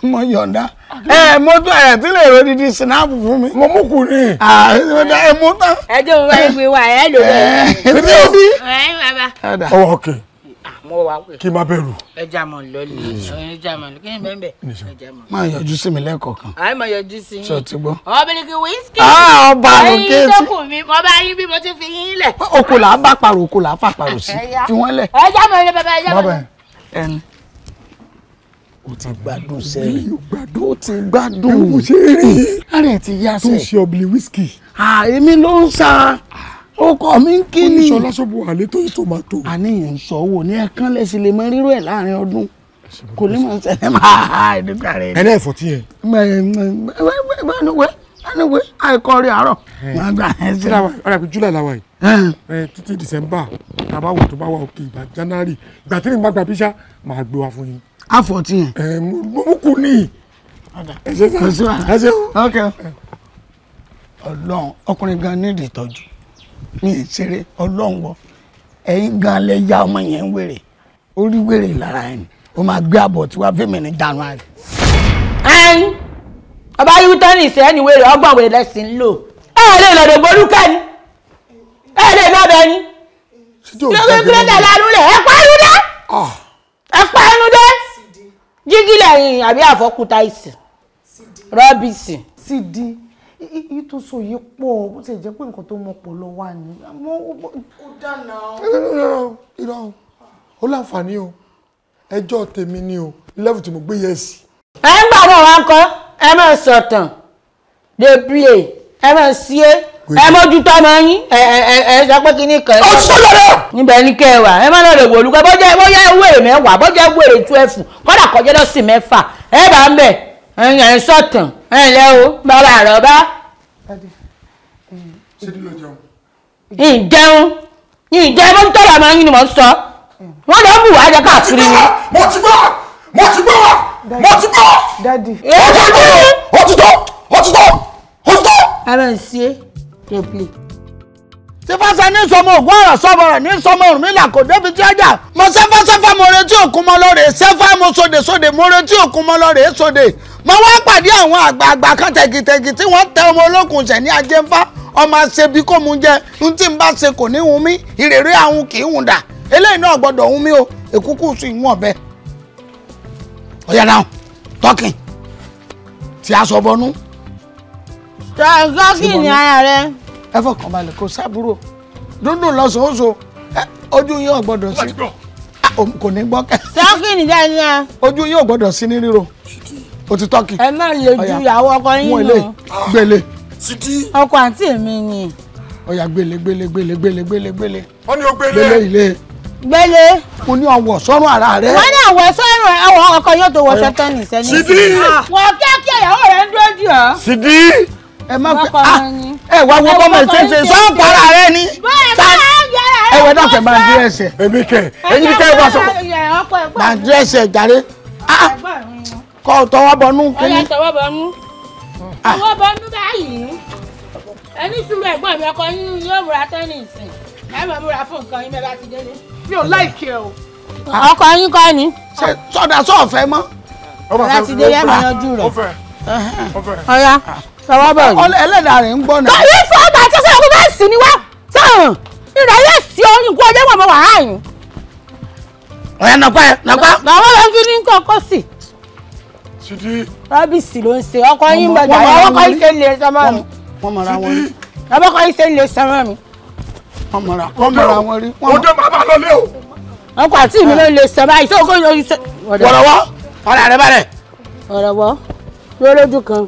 [SPEAKER 2] mo yọ̀ǹda. ẹ mo tún ẹ tí lè ro didi sinapu fún mi. mo mú kù ni. ẹ mú tán. ẹ jẹ́ òun wáyé gbé wa ẹ lò lọ. ẹ ti bí. ọwọ́ òkè mo wà wẹ̀. kí n bá bẹ̀rù. ẹ jà mọ̀ lọ́lẹ̀ ẹ jà mọ̀ ki n bẹ́ẹ̀ bẹ́ẹ̀ ẹ jà mọ̀. máa yọjú sí mi lẹ́ẹ̀kọ̀ọ̀kan. àyè máa yọjú sí yín. sọ ti gbọ́. ọ̀bìnrin wíṣkì. ah ọba àrùn kéèsì. ẹyin tó kù mi mo bá yín bí mo ti fi yín lẹ̀. okò là á bá parò okò là á fà parò sí fi wọ́n lẹ̀. ẹ jà mọ̀ ilé bàbá ẹ jà mọ̀. ẹni o ti gbádùn sẹ́yìn o ti gbádùn. ẹ ó kọ́ mi ń kí ni. oníṣọ́ lásán bu àlẹ́ tó yí tòmátò. àníyàn ń sọ owó ní ẹ̀kan lẹ́sìn lè mọ ríró ẹ̀ láàrin ọdún kò ní mọ̀ sẹ́lẹ̀ máa ẹ̀dùnkà rẹ̀. ẹlẹ́ ẹ̀fọ́ tí yẹn. wẹ́wẹ́ anyway àìkọ́ rí àárọ̀. ọ̀rẹ́ àpè July làwà yìí títí December tàbá wò tó bá wà òkè ìgbà January ìgbà tí mi bá gba píṣà máa gbé wa fún yín. àfọ̀ tí yẹn. mo mú kú ní.
[SPEAKER 4] ẹ ṣe sá ẹ ṣe.
[SPEAKER 2] ọlọ́run ọkùnrin gan nídìí ìtọ́jú. ní ìṣeré Ọlọ́wọ́, ẹ̀yin gan lẹ ya ọmọ yẹn wèrè o rí wèrè lára ẹni ó máa gbé àbọ̀ tí wàá fèmí ní january. ẹn ọba yútọ́nì ìṣẹ́ ni wèrè ọgbọ̀n wèrè lẹ́sìn ń lò ẹ lè lọ́dọ̀ E ni ẹ lè má bẹ ni lórí gírẹ́dà lánú rẹ̀ ẹ pa irun dé ah. ẹ pa irun dé jígí lẹ́yìn àbí àfọkúta ìsìn rọ́bìsì. ìtòsó yìí pọ̀ bó ti jẹ́ pé nǹkan tó mọ pọ̀ lọ wà ní. kò dáná o. irọ́ o ó láǹfààní o ẹjọ́ tèmi ni o level tí mo gbé yẹ sí. ẹ ń gbà wọn wá kọ ẹ mọ sọtàn débìlì ẹ mọ sí ẹ ẹ mójútó ọmọ yín ẹ ẹ ẹ sọ pé kí ni kẹ. ó sọ lọ́dọ̀. níbẹ̀ ni kẹ́ ẹ wà ẹ má lọ́ọ́ lè wò olùkọ́ bọ́jà bọ́jà wèrè mẹ́wàá bọ́jà wèrè twelve kọ́dà kọjá lọ́sìn mẹ́fà ẹ bá ń bẹ̀ ẹ̀yin ẹ̀ sọ̀tàn ẹ̀yin lẹ́ o bàbá àròbá. Eh, ṣé nílò jẹun. ìjẹun ìjẹun mo ń tọ́lọ̀ àmọ́ yín ni mo ń sọ wọ́n lọ bù wá jẹ káàkiri ni. mo ti gbọ́ mo ti gbọ́ mo ti gbọ́. dadi. Eh, ó ti tó ó ti tó ó ti tó. ara ń ṣe é play. tí fásá ní sọmọ ògùn ọ̀rọ̀ sọ́bọ̀rọ̀ ní sọmọ òrùn mi là kò débi tí ajá. mo sẹ́fà mo retí òkun mọ́ lọ́rẹ̀ẹ́ sẹ́fà mo sóde sóde mo retí òkun mọ́ lọ́rẹ̀ẹ́ sóde. ma wá pàdé àwọn àgbààgbà kan tẹ̀gìtẹ̀gì tí wọ́n tẹ ọmọ olókùn ṣẹ̀ ní ajẹ́ńfà ọmọ àṣebí kò mú jẹ n tí bá ṣe kò ní hun mí ìrèrè àwọn kì í hun dà eléyìí náà o èkúkú sùn ọ̀bẹ. ọ̀yà náà tí a sọ bọnú. tọ́kìn ni rẹ. ẹ balẹ̀ kò sábúrò dúndùn lọ́sọ̀ọ́sọ̀ ojú yín sí ah, kò ní gbọ́kẹ́. o ti tọ́kì. ẹ má lè ju ìyàwó ọkọ yín lọ. gbélé. ọkọ àǹtí mi ni. ọ̀yà gbélé gbélé gbélé gbélé gbélé gbélé. wọ́n ní o gbélé. gbélé ilé. gbélé. mo ní ọwọ́ sọ́run ara rẹ. wọ́n ní ọwọ́ sọ́run ọwọ́ ọkọ yóò tó wọ sẹ́tọ́nì sẹ́ni. sidi. Ah, wọ́n kíákíá ìyàwó rẹ̀ ń dúró jù ọ́. sidi. ẹ má pẹ́ ah ẹ wá wo bọ́mọ ìṣẹ́ṣe sọ́run para rẹ ni. bọ́ọ̀ ẹ wẹ náà fẹ máa dúró ẹsẹ. èmi kẹ ẹyin kẹ ẹ wá sọ. máa dúró ẹsẹ jàre. Ah, ah kọ́ tọwọ́ bọnú. ọ̀yà tọwọ́ bọnú ah. tọwọ́ bọnú báyìí ẹni sùúrù ẹ̀gbọ́n mi ọkọ yín yóò múra tẹ́nìsì ẹ̀ mọ̀ múra fún nǹkan yín bẹ́ẹ̀ bá ti délé. mi ò láìkí ẹ o. Ah. ọkọ yín kọ́ ni. sọdà sọ̀fẹ́ mọ́. láti délé ẹ̀ mọ̀ yanjú rẹ̀. ọ̀yà tọwọ́ bọ̀ ni. ẹlẹ́dàá rẹ̀ ń gbọ́ náà. kọ́ yín fún ọgbà tó fẹ́ kó bá sì ni wá sàn ìrẹ̀lẹ̀ sí oyún kó ọjọ́ mọ̀ mọ̀ wàhálà yín. ọ̀yà nàpá nàpá. làwọn lọ fi ní kọ́kọ́ sí. Rabisi ló ń ṣe ọkọ yín gbàgbà ọkọ yín ṣe ń lè sọmọ mi ọkọ yín ṣe ń lè sọmọ mi. wọ́n mọ̀ra wọn rí. ọdọ bàbá lọ lé o. ọkọ àti mi ló ń lè sọ báyìí sóko yóò ṣe. wọ̀rọ̀ wọ́ ọ̀rọ̀ rẹ bẹ̀rẹ̀. ọ̀rọ̀ wọ́ yóò lójú kan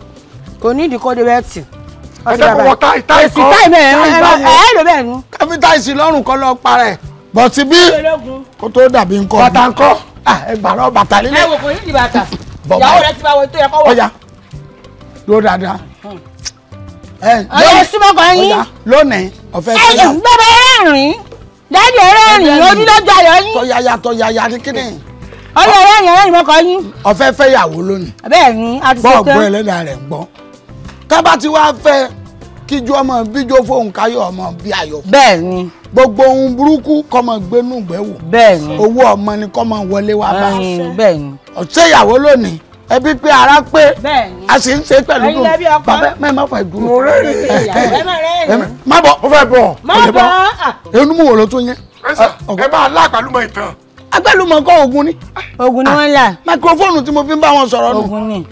[SPEAKER 2] kò ní ìdíkọ́ de bẹ́ẹ̀ tì ẹ̀ẹ́dẹ́gbọ̀n táì táì kọ́ táì bẹ́ẹ̀ nu. káfíńtáìsì lọ́rùn kọ́ lọ parẹ́ bọ̀tí bí kó tó dàbí nǹkan. bàtà nǹkan ah, ẹgbàá náà bàtà lílé. ẹ wò kò ní di ìyàwó rẹ ti bá wọ tó yẹ kọ́ wọ. ọ̀ya ló dáadáa. ọ̀ya súnmọ́ yín. ọ̀ya lónìí ọ̀fẹ́ tó yà. bàbá ẹlẹ́rìn
[SPEAKER 4] dáàdì ẹlẹ́rìn onídọ́jọ́
[SPEAKER 2] ayọ̀ yín. tọ́yaya tọ́yaya ní kíni. ọ̀ya ẹlẹ́rìn ẹlẹ́rìn mọ́kọ yín. ọ̀fẹ́ fẹ́ lónìí. bẹ́ẹ̀ ni a ti sọ pé. bọ́ọ̀ ẹlẹ́dàá rẹ̀ gbọ́. ká bá ti wá fẹ́ kíjó ọmọ bíjó fóun káyọ̀ ọmọ bí ayọ̀ fún. bẹ́ẹ̀ ni. gbogbo ohun burúkú kọ́mọ gbénú gbẹ́wò. bẹ́ẹ̀ ni. owó ọmọ ni kọ́mọ wọlé wá bá. bẹ́ẹ̀ ni. ọ̀sẹ̀ ìyàwó lónìí ẹbí pé ara pé a sì ń ṣe pẹ̀lú dùn bàbá mẹ́ má fà dúró. mo rẹ́ rìn má bọ̀ mo fẹ́ bọ̀ mo lè bọ̀ ẹnu mú wò ló tún yẹn. ẹ máa lá àgbàlùmọ̀ ìtàn. àgbàlùmọ̀ kọ́ oògùn ni. oògùn ni wọ́n là. Ah, máikrófóònù tí mo fi ń bá wọn sọ̀rọ̀ nù. oògùn ni.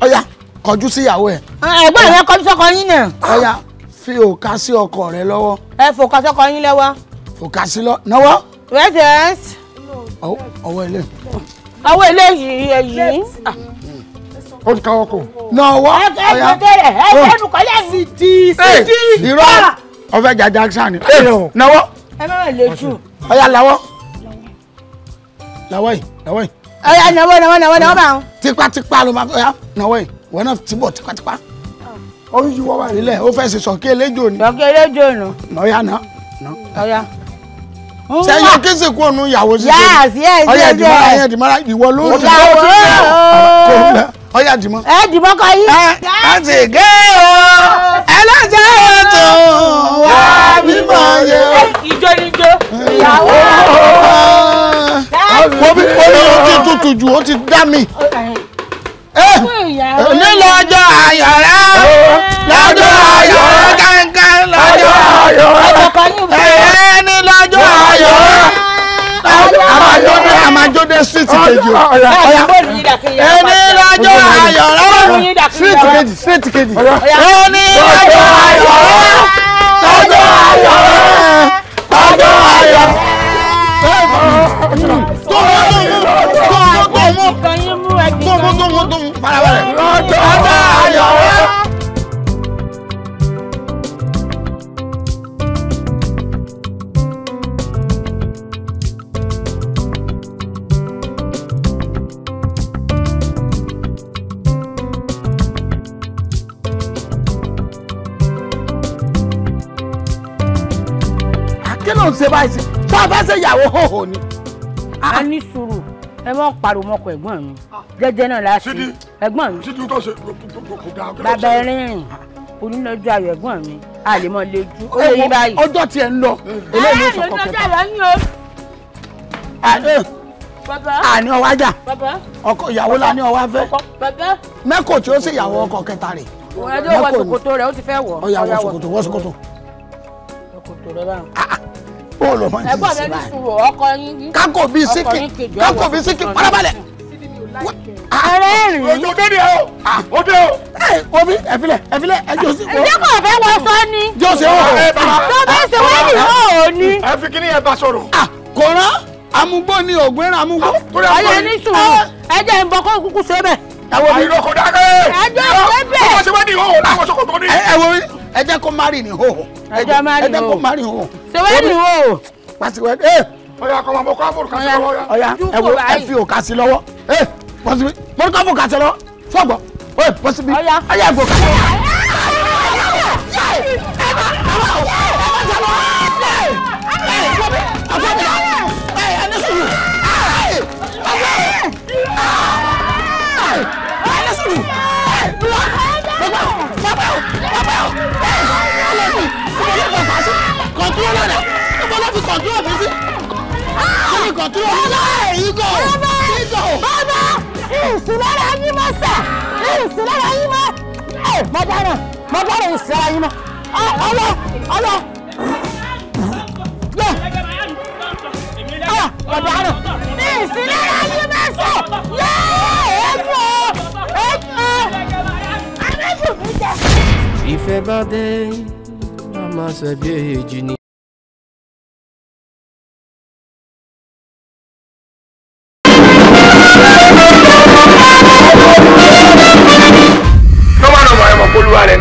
[SPEAKER 2] ọ̀ya kọjú sí ìyàwó ẹ̀. ẹ̀gbọ́n rẹ kọjú sọ́kọ yín náà. ọ̀ya fi òka sí ọkọ rẹ lọ́wọ́. ẹ fòkà sọ́kọ yín lọ́wọ́. fòkà sí lọ náwó. resident. ọwọ́ ilé. ọwọ́ ilé yìí èyí. ó ti káwọ́ kò. náwó ọ̀ya ẹ ẹnu kọ́lẹ́ mi di sídì. irọ́ ọ̀fẹ́ ah. jaja sani. náwó. ẹ má lè jù. ọ̀ya làwọ̀ làwọ̀ yìí làwọ̀ yìí. ọ̀ya náwó náwó náwó náwó bá wọn. tipátipá ló máa ń náwó yìí wọn náà ti bọ̀ tipátipá oyún oh. ju wọ́n wà nílẹ̀ ó fẹ́ ṣe sọ̀kí eléjò ni. sọ̀kí eléjò nù. lọ́ọ̀yà náà. lọ́ọ̀yà. sẹ́yìn akéṣe kú ònú ìyàwó ṣiṣẹ́. yáàsì ẹ̀ ṣe ṣe ọ̀yà dìmọ́ ọ̀yà dìmọ́ ìwọ ló ń lọ ọ̀yà dìmọ́. ẹ dìmọ́ kọ yí. a ti gé o ẹlẹ́jẹ̀ ètò wà bímọ yẹ.
[SPEAKER 4] ìjọ ni ìjọ ìyàwó. wọ́n bí olóòtú
[SPEAKER 2] tutù jù ó ti dá mi
[SPEAKER 4] ní lọ́jọ́ ayọ̀ rẹ
[SPEAKER 2] lọ́jọ́ ayọ̀ rẹ kankan lọ́jọ́ ayọ̀ rẹ ẹ ní lọ́jọ́ ayọ̀ rẹ amajode street kejì o ẹ ní lọ́jọ́ ayọ̀ rẹ street kejì street
[SPEAKER 4] kejì ẹ ní lọ́jọ́ ayọ̀ rẹ lọ́jọ́ ayọ̀ rẹ lọ́jọ́ ayọ̀ rẹ.
[SPEAKER 2] ṣe báyìí sí bá a fẹ́ ṣe ìyàwó hòhò ni. a ah. ní sùúrù ẹ mọ pariwo mọkọ ẹ̀gbọ́n mi ah. jẹ́jẹ́ náà láti ẹ̀gbọ́n mi bàbá ẹrìnrìn onílọ́jọ́ ayọ̀ ẹ̀gbọ́n mi a lè mọ lejú ó lè yí báyìí. ọjọ́ tiẹ̀ ń lọ eléyìí sọ kọ̀kẹ́ bá. àní ọwọ́ ajá ọkọ ìyàwó la ní ọwọ́ afẹ́ mẹ́kò tí ó sì ìyàwó ọkọ kẹta rẹ̀ mẹ́kò ni ọ̀yàwó ṣòkòtò wọ́ ṣòkòtò ó lọ máa ń tì í sí báyìí kákò bíi síkì kákò bíi síkì farabalẹ̀ ààrẹ rìn. ojú ah. ojú ni o ojú o. ẹ omi ẹfilẹ ẹfilẹ ẹjọ sí. ẹjẹ kò fẹ́ wọ sọ ni. jọ sí o. tó bá ṣe wẹ́ẹ̀lì náà ò ní. ẹ fi kíní ẹ bá sọ̀rọ̀. Ah, kò rán amúgbó ni ògbéràn ah, amúgbó. ayé ní sùúrù ẹjẹ ń bọ kó kúkú ṣe bẹ. ẹ wo mi. àyìnbó kò dákẹ́. ẹjọ́ ìwé bẹ̀. tó bá ṣe wẹ́ẹ̀lì o làwọn sọ̀kọ̀ tó ní. ẹ wo mi ẹ jẹ́ kó mari ní hòhò ẹ jẹ́ kó mari ní hòhò sèwéèrè hòhò pàṣẹwẹ ẹ ọyà kọmọ mo kọ́ àbúrò kásì lọ́wọ́ ọyà ẹ wo ẹ fi òkà sí lọ́wọ́ ẹ pọ̀sibí mo kọ́ àbúrò kásì lọ́wọ́ fọ́gbọ́ ẹ pọ̀sibí ọyà ẹ gbọ́ kásì lọ́wọ́. ẹ
[SPEAKER 4] má ẹ má ẹ má jà lọ ẹ ẹ ẹ ẹ ẹ ẹ ẹ ẹ ẹ ẹ ẹ ẹ ẹ ẹ ẹ kọ̀ntúrọ̀lá rẹ̀ níbo ló fi kọ̀ntúrọ̀ mi sí. ó ní kọ̀ntúrọ̀ mi sí. ìgò ìgò. bàbá ìsúlára yín mọ́ sà ìsúlára yín mọ́. mo
[SPEAKER 2] dára mo dára ìsúlára yín mọ́. ọlọ ọlọ. lọ. mo dára ìsúlára yín mọ́
[SPEAKER 4] sà. yóò ẹ̀kọ́ ẹ̀kọ́. adébùnmi jẹ
[SPEAKER 3] ìfẹ́ bá dé a máa ṣẹ̀bi èjì ni.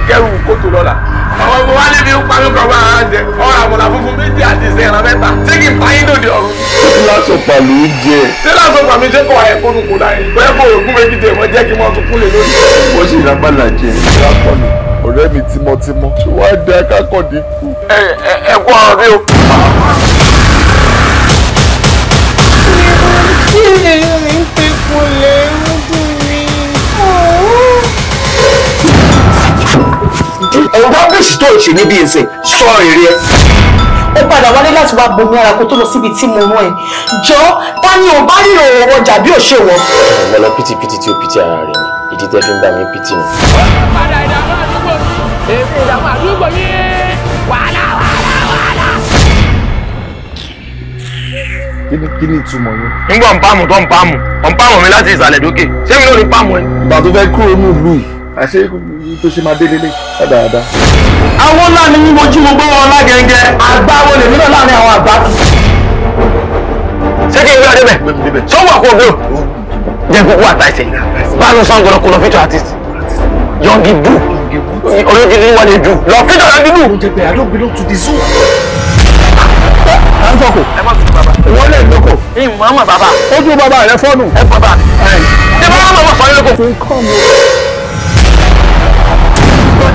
[SPEAKER 2] kẹrù kótó lọ́la. àwọn ọmọ wa níbi ń parí kan máa ń jẹ ọ̀rọ̀ àmọ̀là funfun méjì àti ìṣẹ̀ràn mẹ́ta. ṣé kí n pa yín lòdì ọ̀run. láti
[SPEAKER 3] pàlú jẹ
[SPEAKER 2] ọkọ mi ṣé kò wáyé kó nukú láyé bẹ́ẹ̀ kò ògùn méjì tẹ̀ wọ́n jẹ́ kí wọ́n tún kúnlẹ̀ lórí. ó sì lágbàlá jẹ lápọ̀lù ọ̀rẹ́ mi tímọ́tímọ́ ṣé wàá da kákọ̀dé kú. ẹ ẹ ẹ kú ọ̀rọ̀ mi o. ẹ̀wọ̀n bá bẹ̀sì tó ìṣèlú bíi ẹsẹ̀ sọ èrè ẹ ẹ padà wálé láti wá bomi ara kó tó lọ síbi tí mo rán ẹ jọ ta ni ò bá rí òun ọjà bí òṣèwọ. mo lọ pìtìpìtì tí ó pìtì ara rẹ ni ìdí tẹ́ fi ń bá mi pìtì ni. padà ìdààmú àdúgbò mi èmi ìdààmú àdúgbò mi wàhálà wàhálà wàhálà. kíni kíni ìtumọ̀ yín. nígbà ń pàmù tó ń pàmù ń pàmù mi láti ìsàlẹ̀ dókè ṣé mi ló ní pàmù ẹ. ìgbà tó fẹ́ kúrò ní ìlú yìí àṣé tó ṣe máa délé lé dáadáa. àwọn ńlá ni mo jí mo gbọ́ wọn lágẹ̀ẹ́gẹ́ àgbáwo lèmi náà láàrin àwọn àgbà tù. ṣé kí n gbé ọdẹ bẹ sọwọ́ o jẹ́ gbogbo àtàìsẹ̀ bá a lọ lọ fíjọ artist yọ̀ǹgì dù olójúlé wà lè dù lọ fíjọ yọ̀ǹgì dù. oúnjẹ pé I don't belong to zoo.
[SPEAKER 3] à ń tọkọ wọ́n lè lóko.
[SPEAKER 2] ìmọ̀ àmọ̀ bàbá.
[SPEAKER 3] ojú bàbá rẹ fọ́nù. ẹ bàbá ẹ. ṣé bàbá máa wọ̀ sọ́yọ́ lóko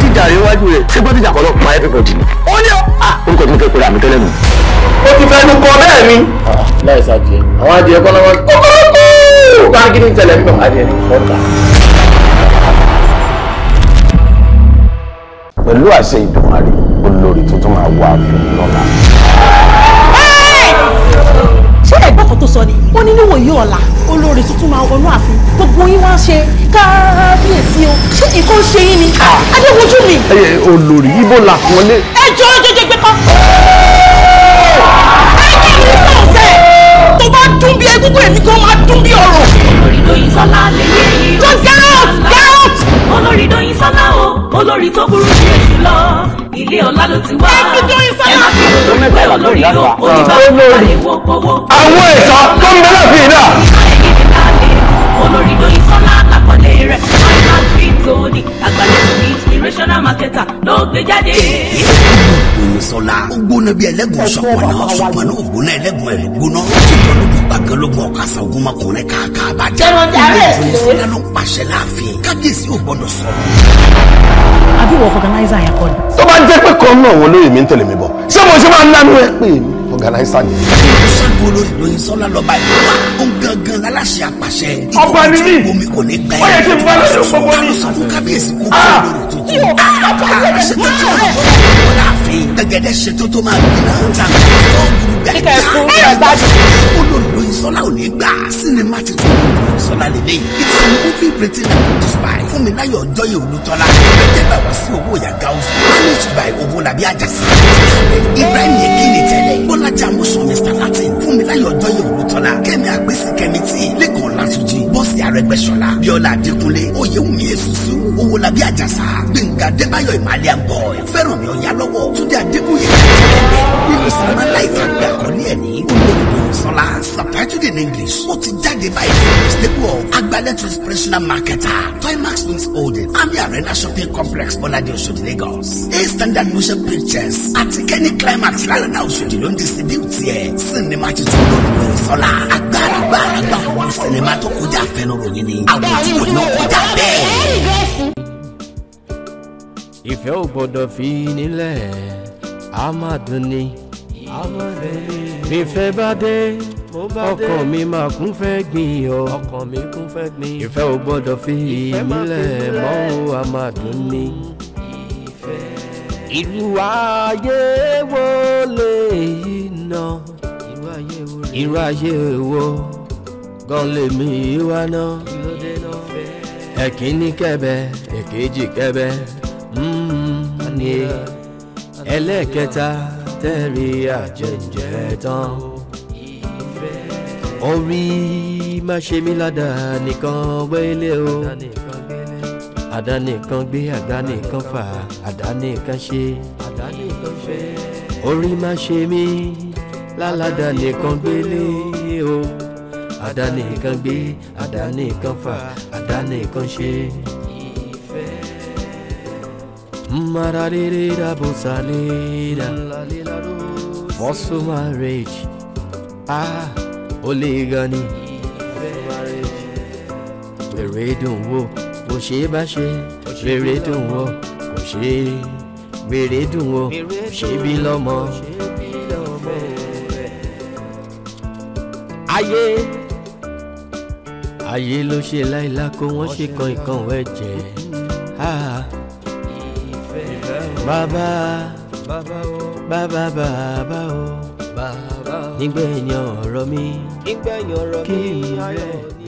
[SPEAKER 1] ti jàre iwájú rẹ̀ ṣé bó ti jà kọ́lọ́ pa everybody ni.
[SPEAKER 2] ó ní ọ. ah
[SPEAKER 1] orúkọ tí mo fẹ́ pèrè àmì tẹ́lẹ̀ nù.
[SPEAKER 2] ó ti fẹ́ nu kọ bẹ́ẹ̀ mi. Ah, láì sàdìẹ àwọn adìẹ kọ́ lọ́wọ́ kókórókó. báńkì ní ìtẹ̀lẹ̀ ń bọ̀ adìẹ ní kọ́ta. pẹ̀lú àṣẹ ìdùnmọ̀ rẹ̀ olórí tuntun máa wà fún lọ́la. kan tó sọ ni ó ní níwòyí ọ̀la olórí tuntun máa wọnú ààfin gbogbo yín wá ṣe kábíyèsí o ṣé ìkó ń ṣe yín ni adéwojú mi. ẹ olórí ibo là wọlé. ẹ jọ jẹjẹ gbé kan. ẹ
[SPEAKER 1] jẹ́ mi sọ̀rọ̀ sẹ́ tó bá dún bí egungun èmi kan máa dún bí ọ̀rọ̀. ìròyìn sọlá lè yé yìí. jọ gẹ́rọ̀ olórí dóyin sọlá o olórí tó burú sí èsì lọ ilé ọlá ló ti wá ẹ má fi olórí pé olórí o oníbàbà
[SPEAKER 2] lè wo kówó. àwọn ìta tó ń bẹ lọ́fìn náà. olórí dóyin sọlá lápọ̀lẹ́ rẹ̀.
[SPEAKER 1] Tony àgbàlejò
[SPEAKER 2] inspirational marketer ló gbé jáde.
[SPEAKER 1] Gbèmísọ́lá ó gbóná bí ẹlẹ́gùn ṣọ̀pọ̀nà ṣọ̀pọ̀nà ògbóná ẹlẹ́gùn ẹ̀ ló gbóná ó ti tọ́nu gbígbà gẹ́lógún ọ̀kasà ogun ọmọkùnrin kàkà àbájá. Jẹ́wọ́n darí ẹ̀ sí. Gbèmísọ́lá ló pàṣẹ láàfin kábíyèsí ò gbọ́dọ̀ sọ̀rọ̀. Àbí wọ fọ̀gánáìsà yẹn kọ́ ni.
[SPEAKER 2] Tó bá jẹ́ pé kan náà wọlé èmi ń tẹ̀lé mi bọ̀, ṣé mo ṣe máa ń lánú ẹ pé èmi? ọ̀gánáísà ni.
[SPEAKER 1] ṣàkóso olórí ìròyìn sọlá lọba ìlú wa ó gangan aláṣẹ àpàṣẹ. ọba ni mí omi kò ní pẹ́. ó yẹ kí n bá lọ́dọ̀ gbogbo ní. sọfún kábíyèsí kò kó olórí tuntun. àpàṣẹ ṣe tó tó wọ́n náà fi gẹ́gẹ́dẹ́ ṣe tó tó máa gbìnà. kíkà ẹ̀kú rẹ̀ dájú. olórí ìròyìn sọlá ò ní gbà sinimá ti tó sọlá lélẹ́yìn. ìtàn movie pretend to spy fún mi láyọ̀ ọjọ́ yìí olùtọ́lá. ẹ̀jẹ̀ bàbá sí ajámúsùn mr latin fúnmiláyọ̀ ọjọ́yẹ̀ olùtọ́lá kẹ́mi àgbèsè kẹ́mi tí lẹ́kọ̀ọ́ látúnjì bọ́ọ̀sì arẹgbẹ́sọ̀la bíọ́lá adékúnlé oyèwùmí èsùsù owólabí àjàsà gbẹ̀ngà débáyọ̀ ìmàlẹ́ àbọ̀ fẹ́rànmi ọ̀yálọ́wọ́ túndé adébúyẹ̀ nínú sinimá láìsí àgbà àkọlé ẹ̀ ní olóògbòsọ́lá subtitled in english ó ti jáde báyìí stable of agbalẹ̀tù inspirational marketer timax wins holding army arena shopping complex bọ́ládé oṣòdì lagos a standard motion pictures àti kenny climax lálẹ́ náà oṣòdì ló ń àṣìdíwìtìẹ sinimá ti tún lọ́dún lórí sọ́la agbára gbára gbà wọ́n sinimá tó kọjá àfẹnuròyìn ni àwọn tí kò ní kọjá bẹ́ẹ̀.
[SPEAKER 3] ìfẹ́ ò gbọ́dọ̀ fi nílẹ̀ a máa dùn ni ìfẹ́ bá dé ọkàn mi máa kún fẹ́ gbìn ọ ìfẹ́ ò gbọ́dọ̀ fi nílẹ̀ mọ́ a máa dùn ni irú ayé wo lèyí náà irú ayé wo gan lèmi wá náà ẹ̀kíní kẹbẹ èkejì kẹbẹ mm-hmm, ní ẹlẹ́kẹta tẹ̀rí àjẹjẹ tán orí má ṣe mí ládàá nìkan gbélé o àdánìkan gbé àdánìkan fà àdánìkan ṣe orí má ṣe mí láládánìkan gbélé o àdánìkan gbé àdánìkan fà àdánìkan ṣe. Mararere da bosalera Muscle marriage Ah, ó le gan ni Ìfẹ́ Eré dùn wò ṣe bá ṣe rere dùn o kò ṣe rere dùn o ṣe bí lọ́mọ. ayé ayé ló ṣe láìla kó wọ́n ṣe kan ìkan wẹ̀ jẹ́ bàbá bàbá bàbá o nígbẹ̀yìn ọ̀rọ̀ mi kí n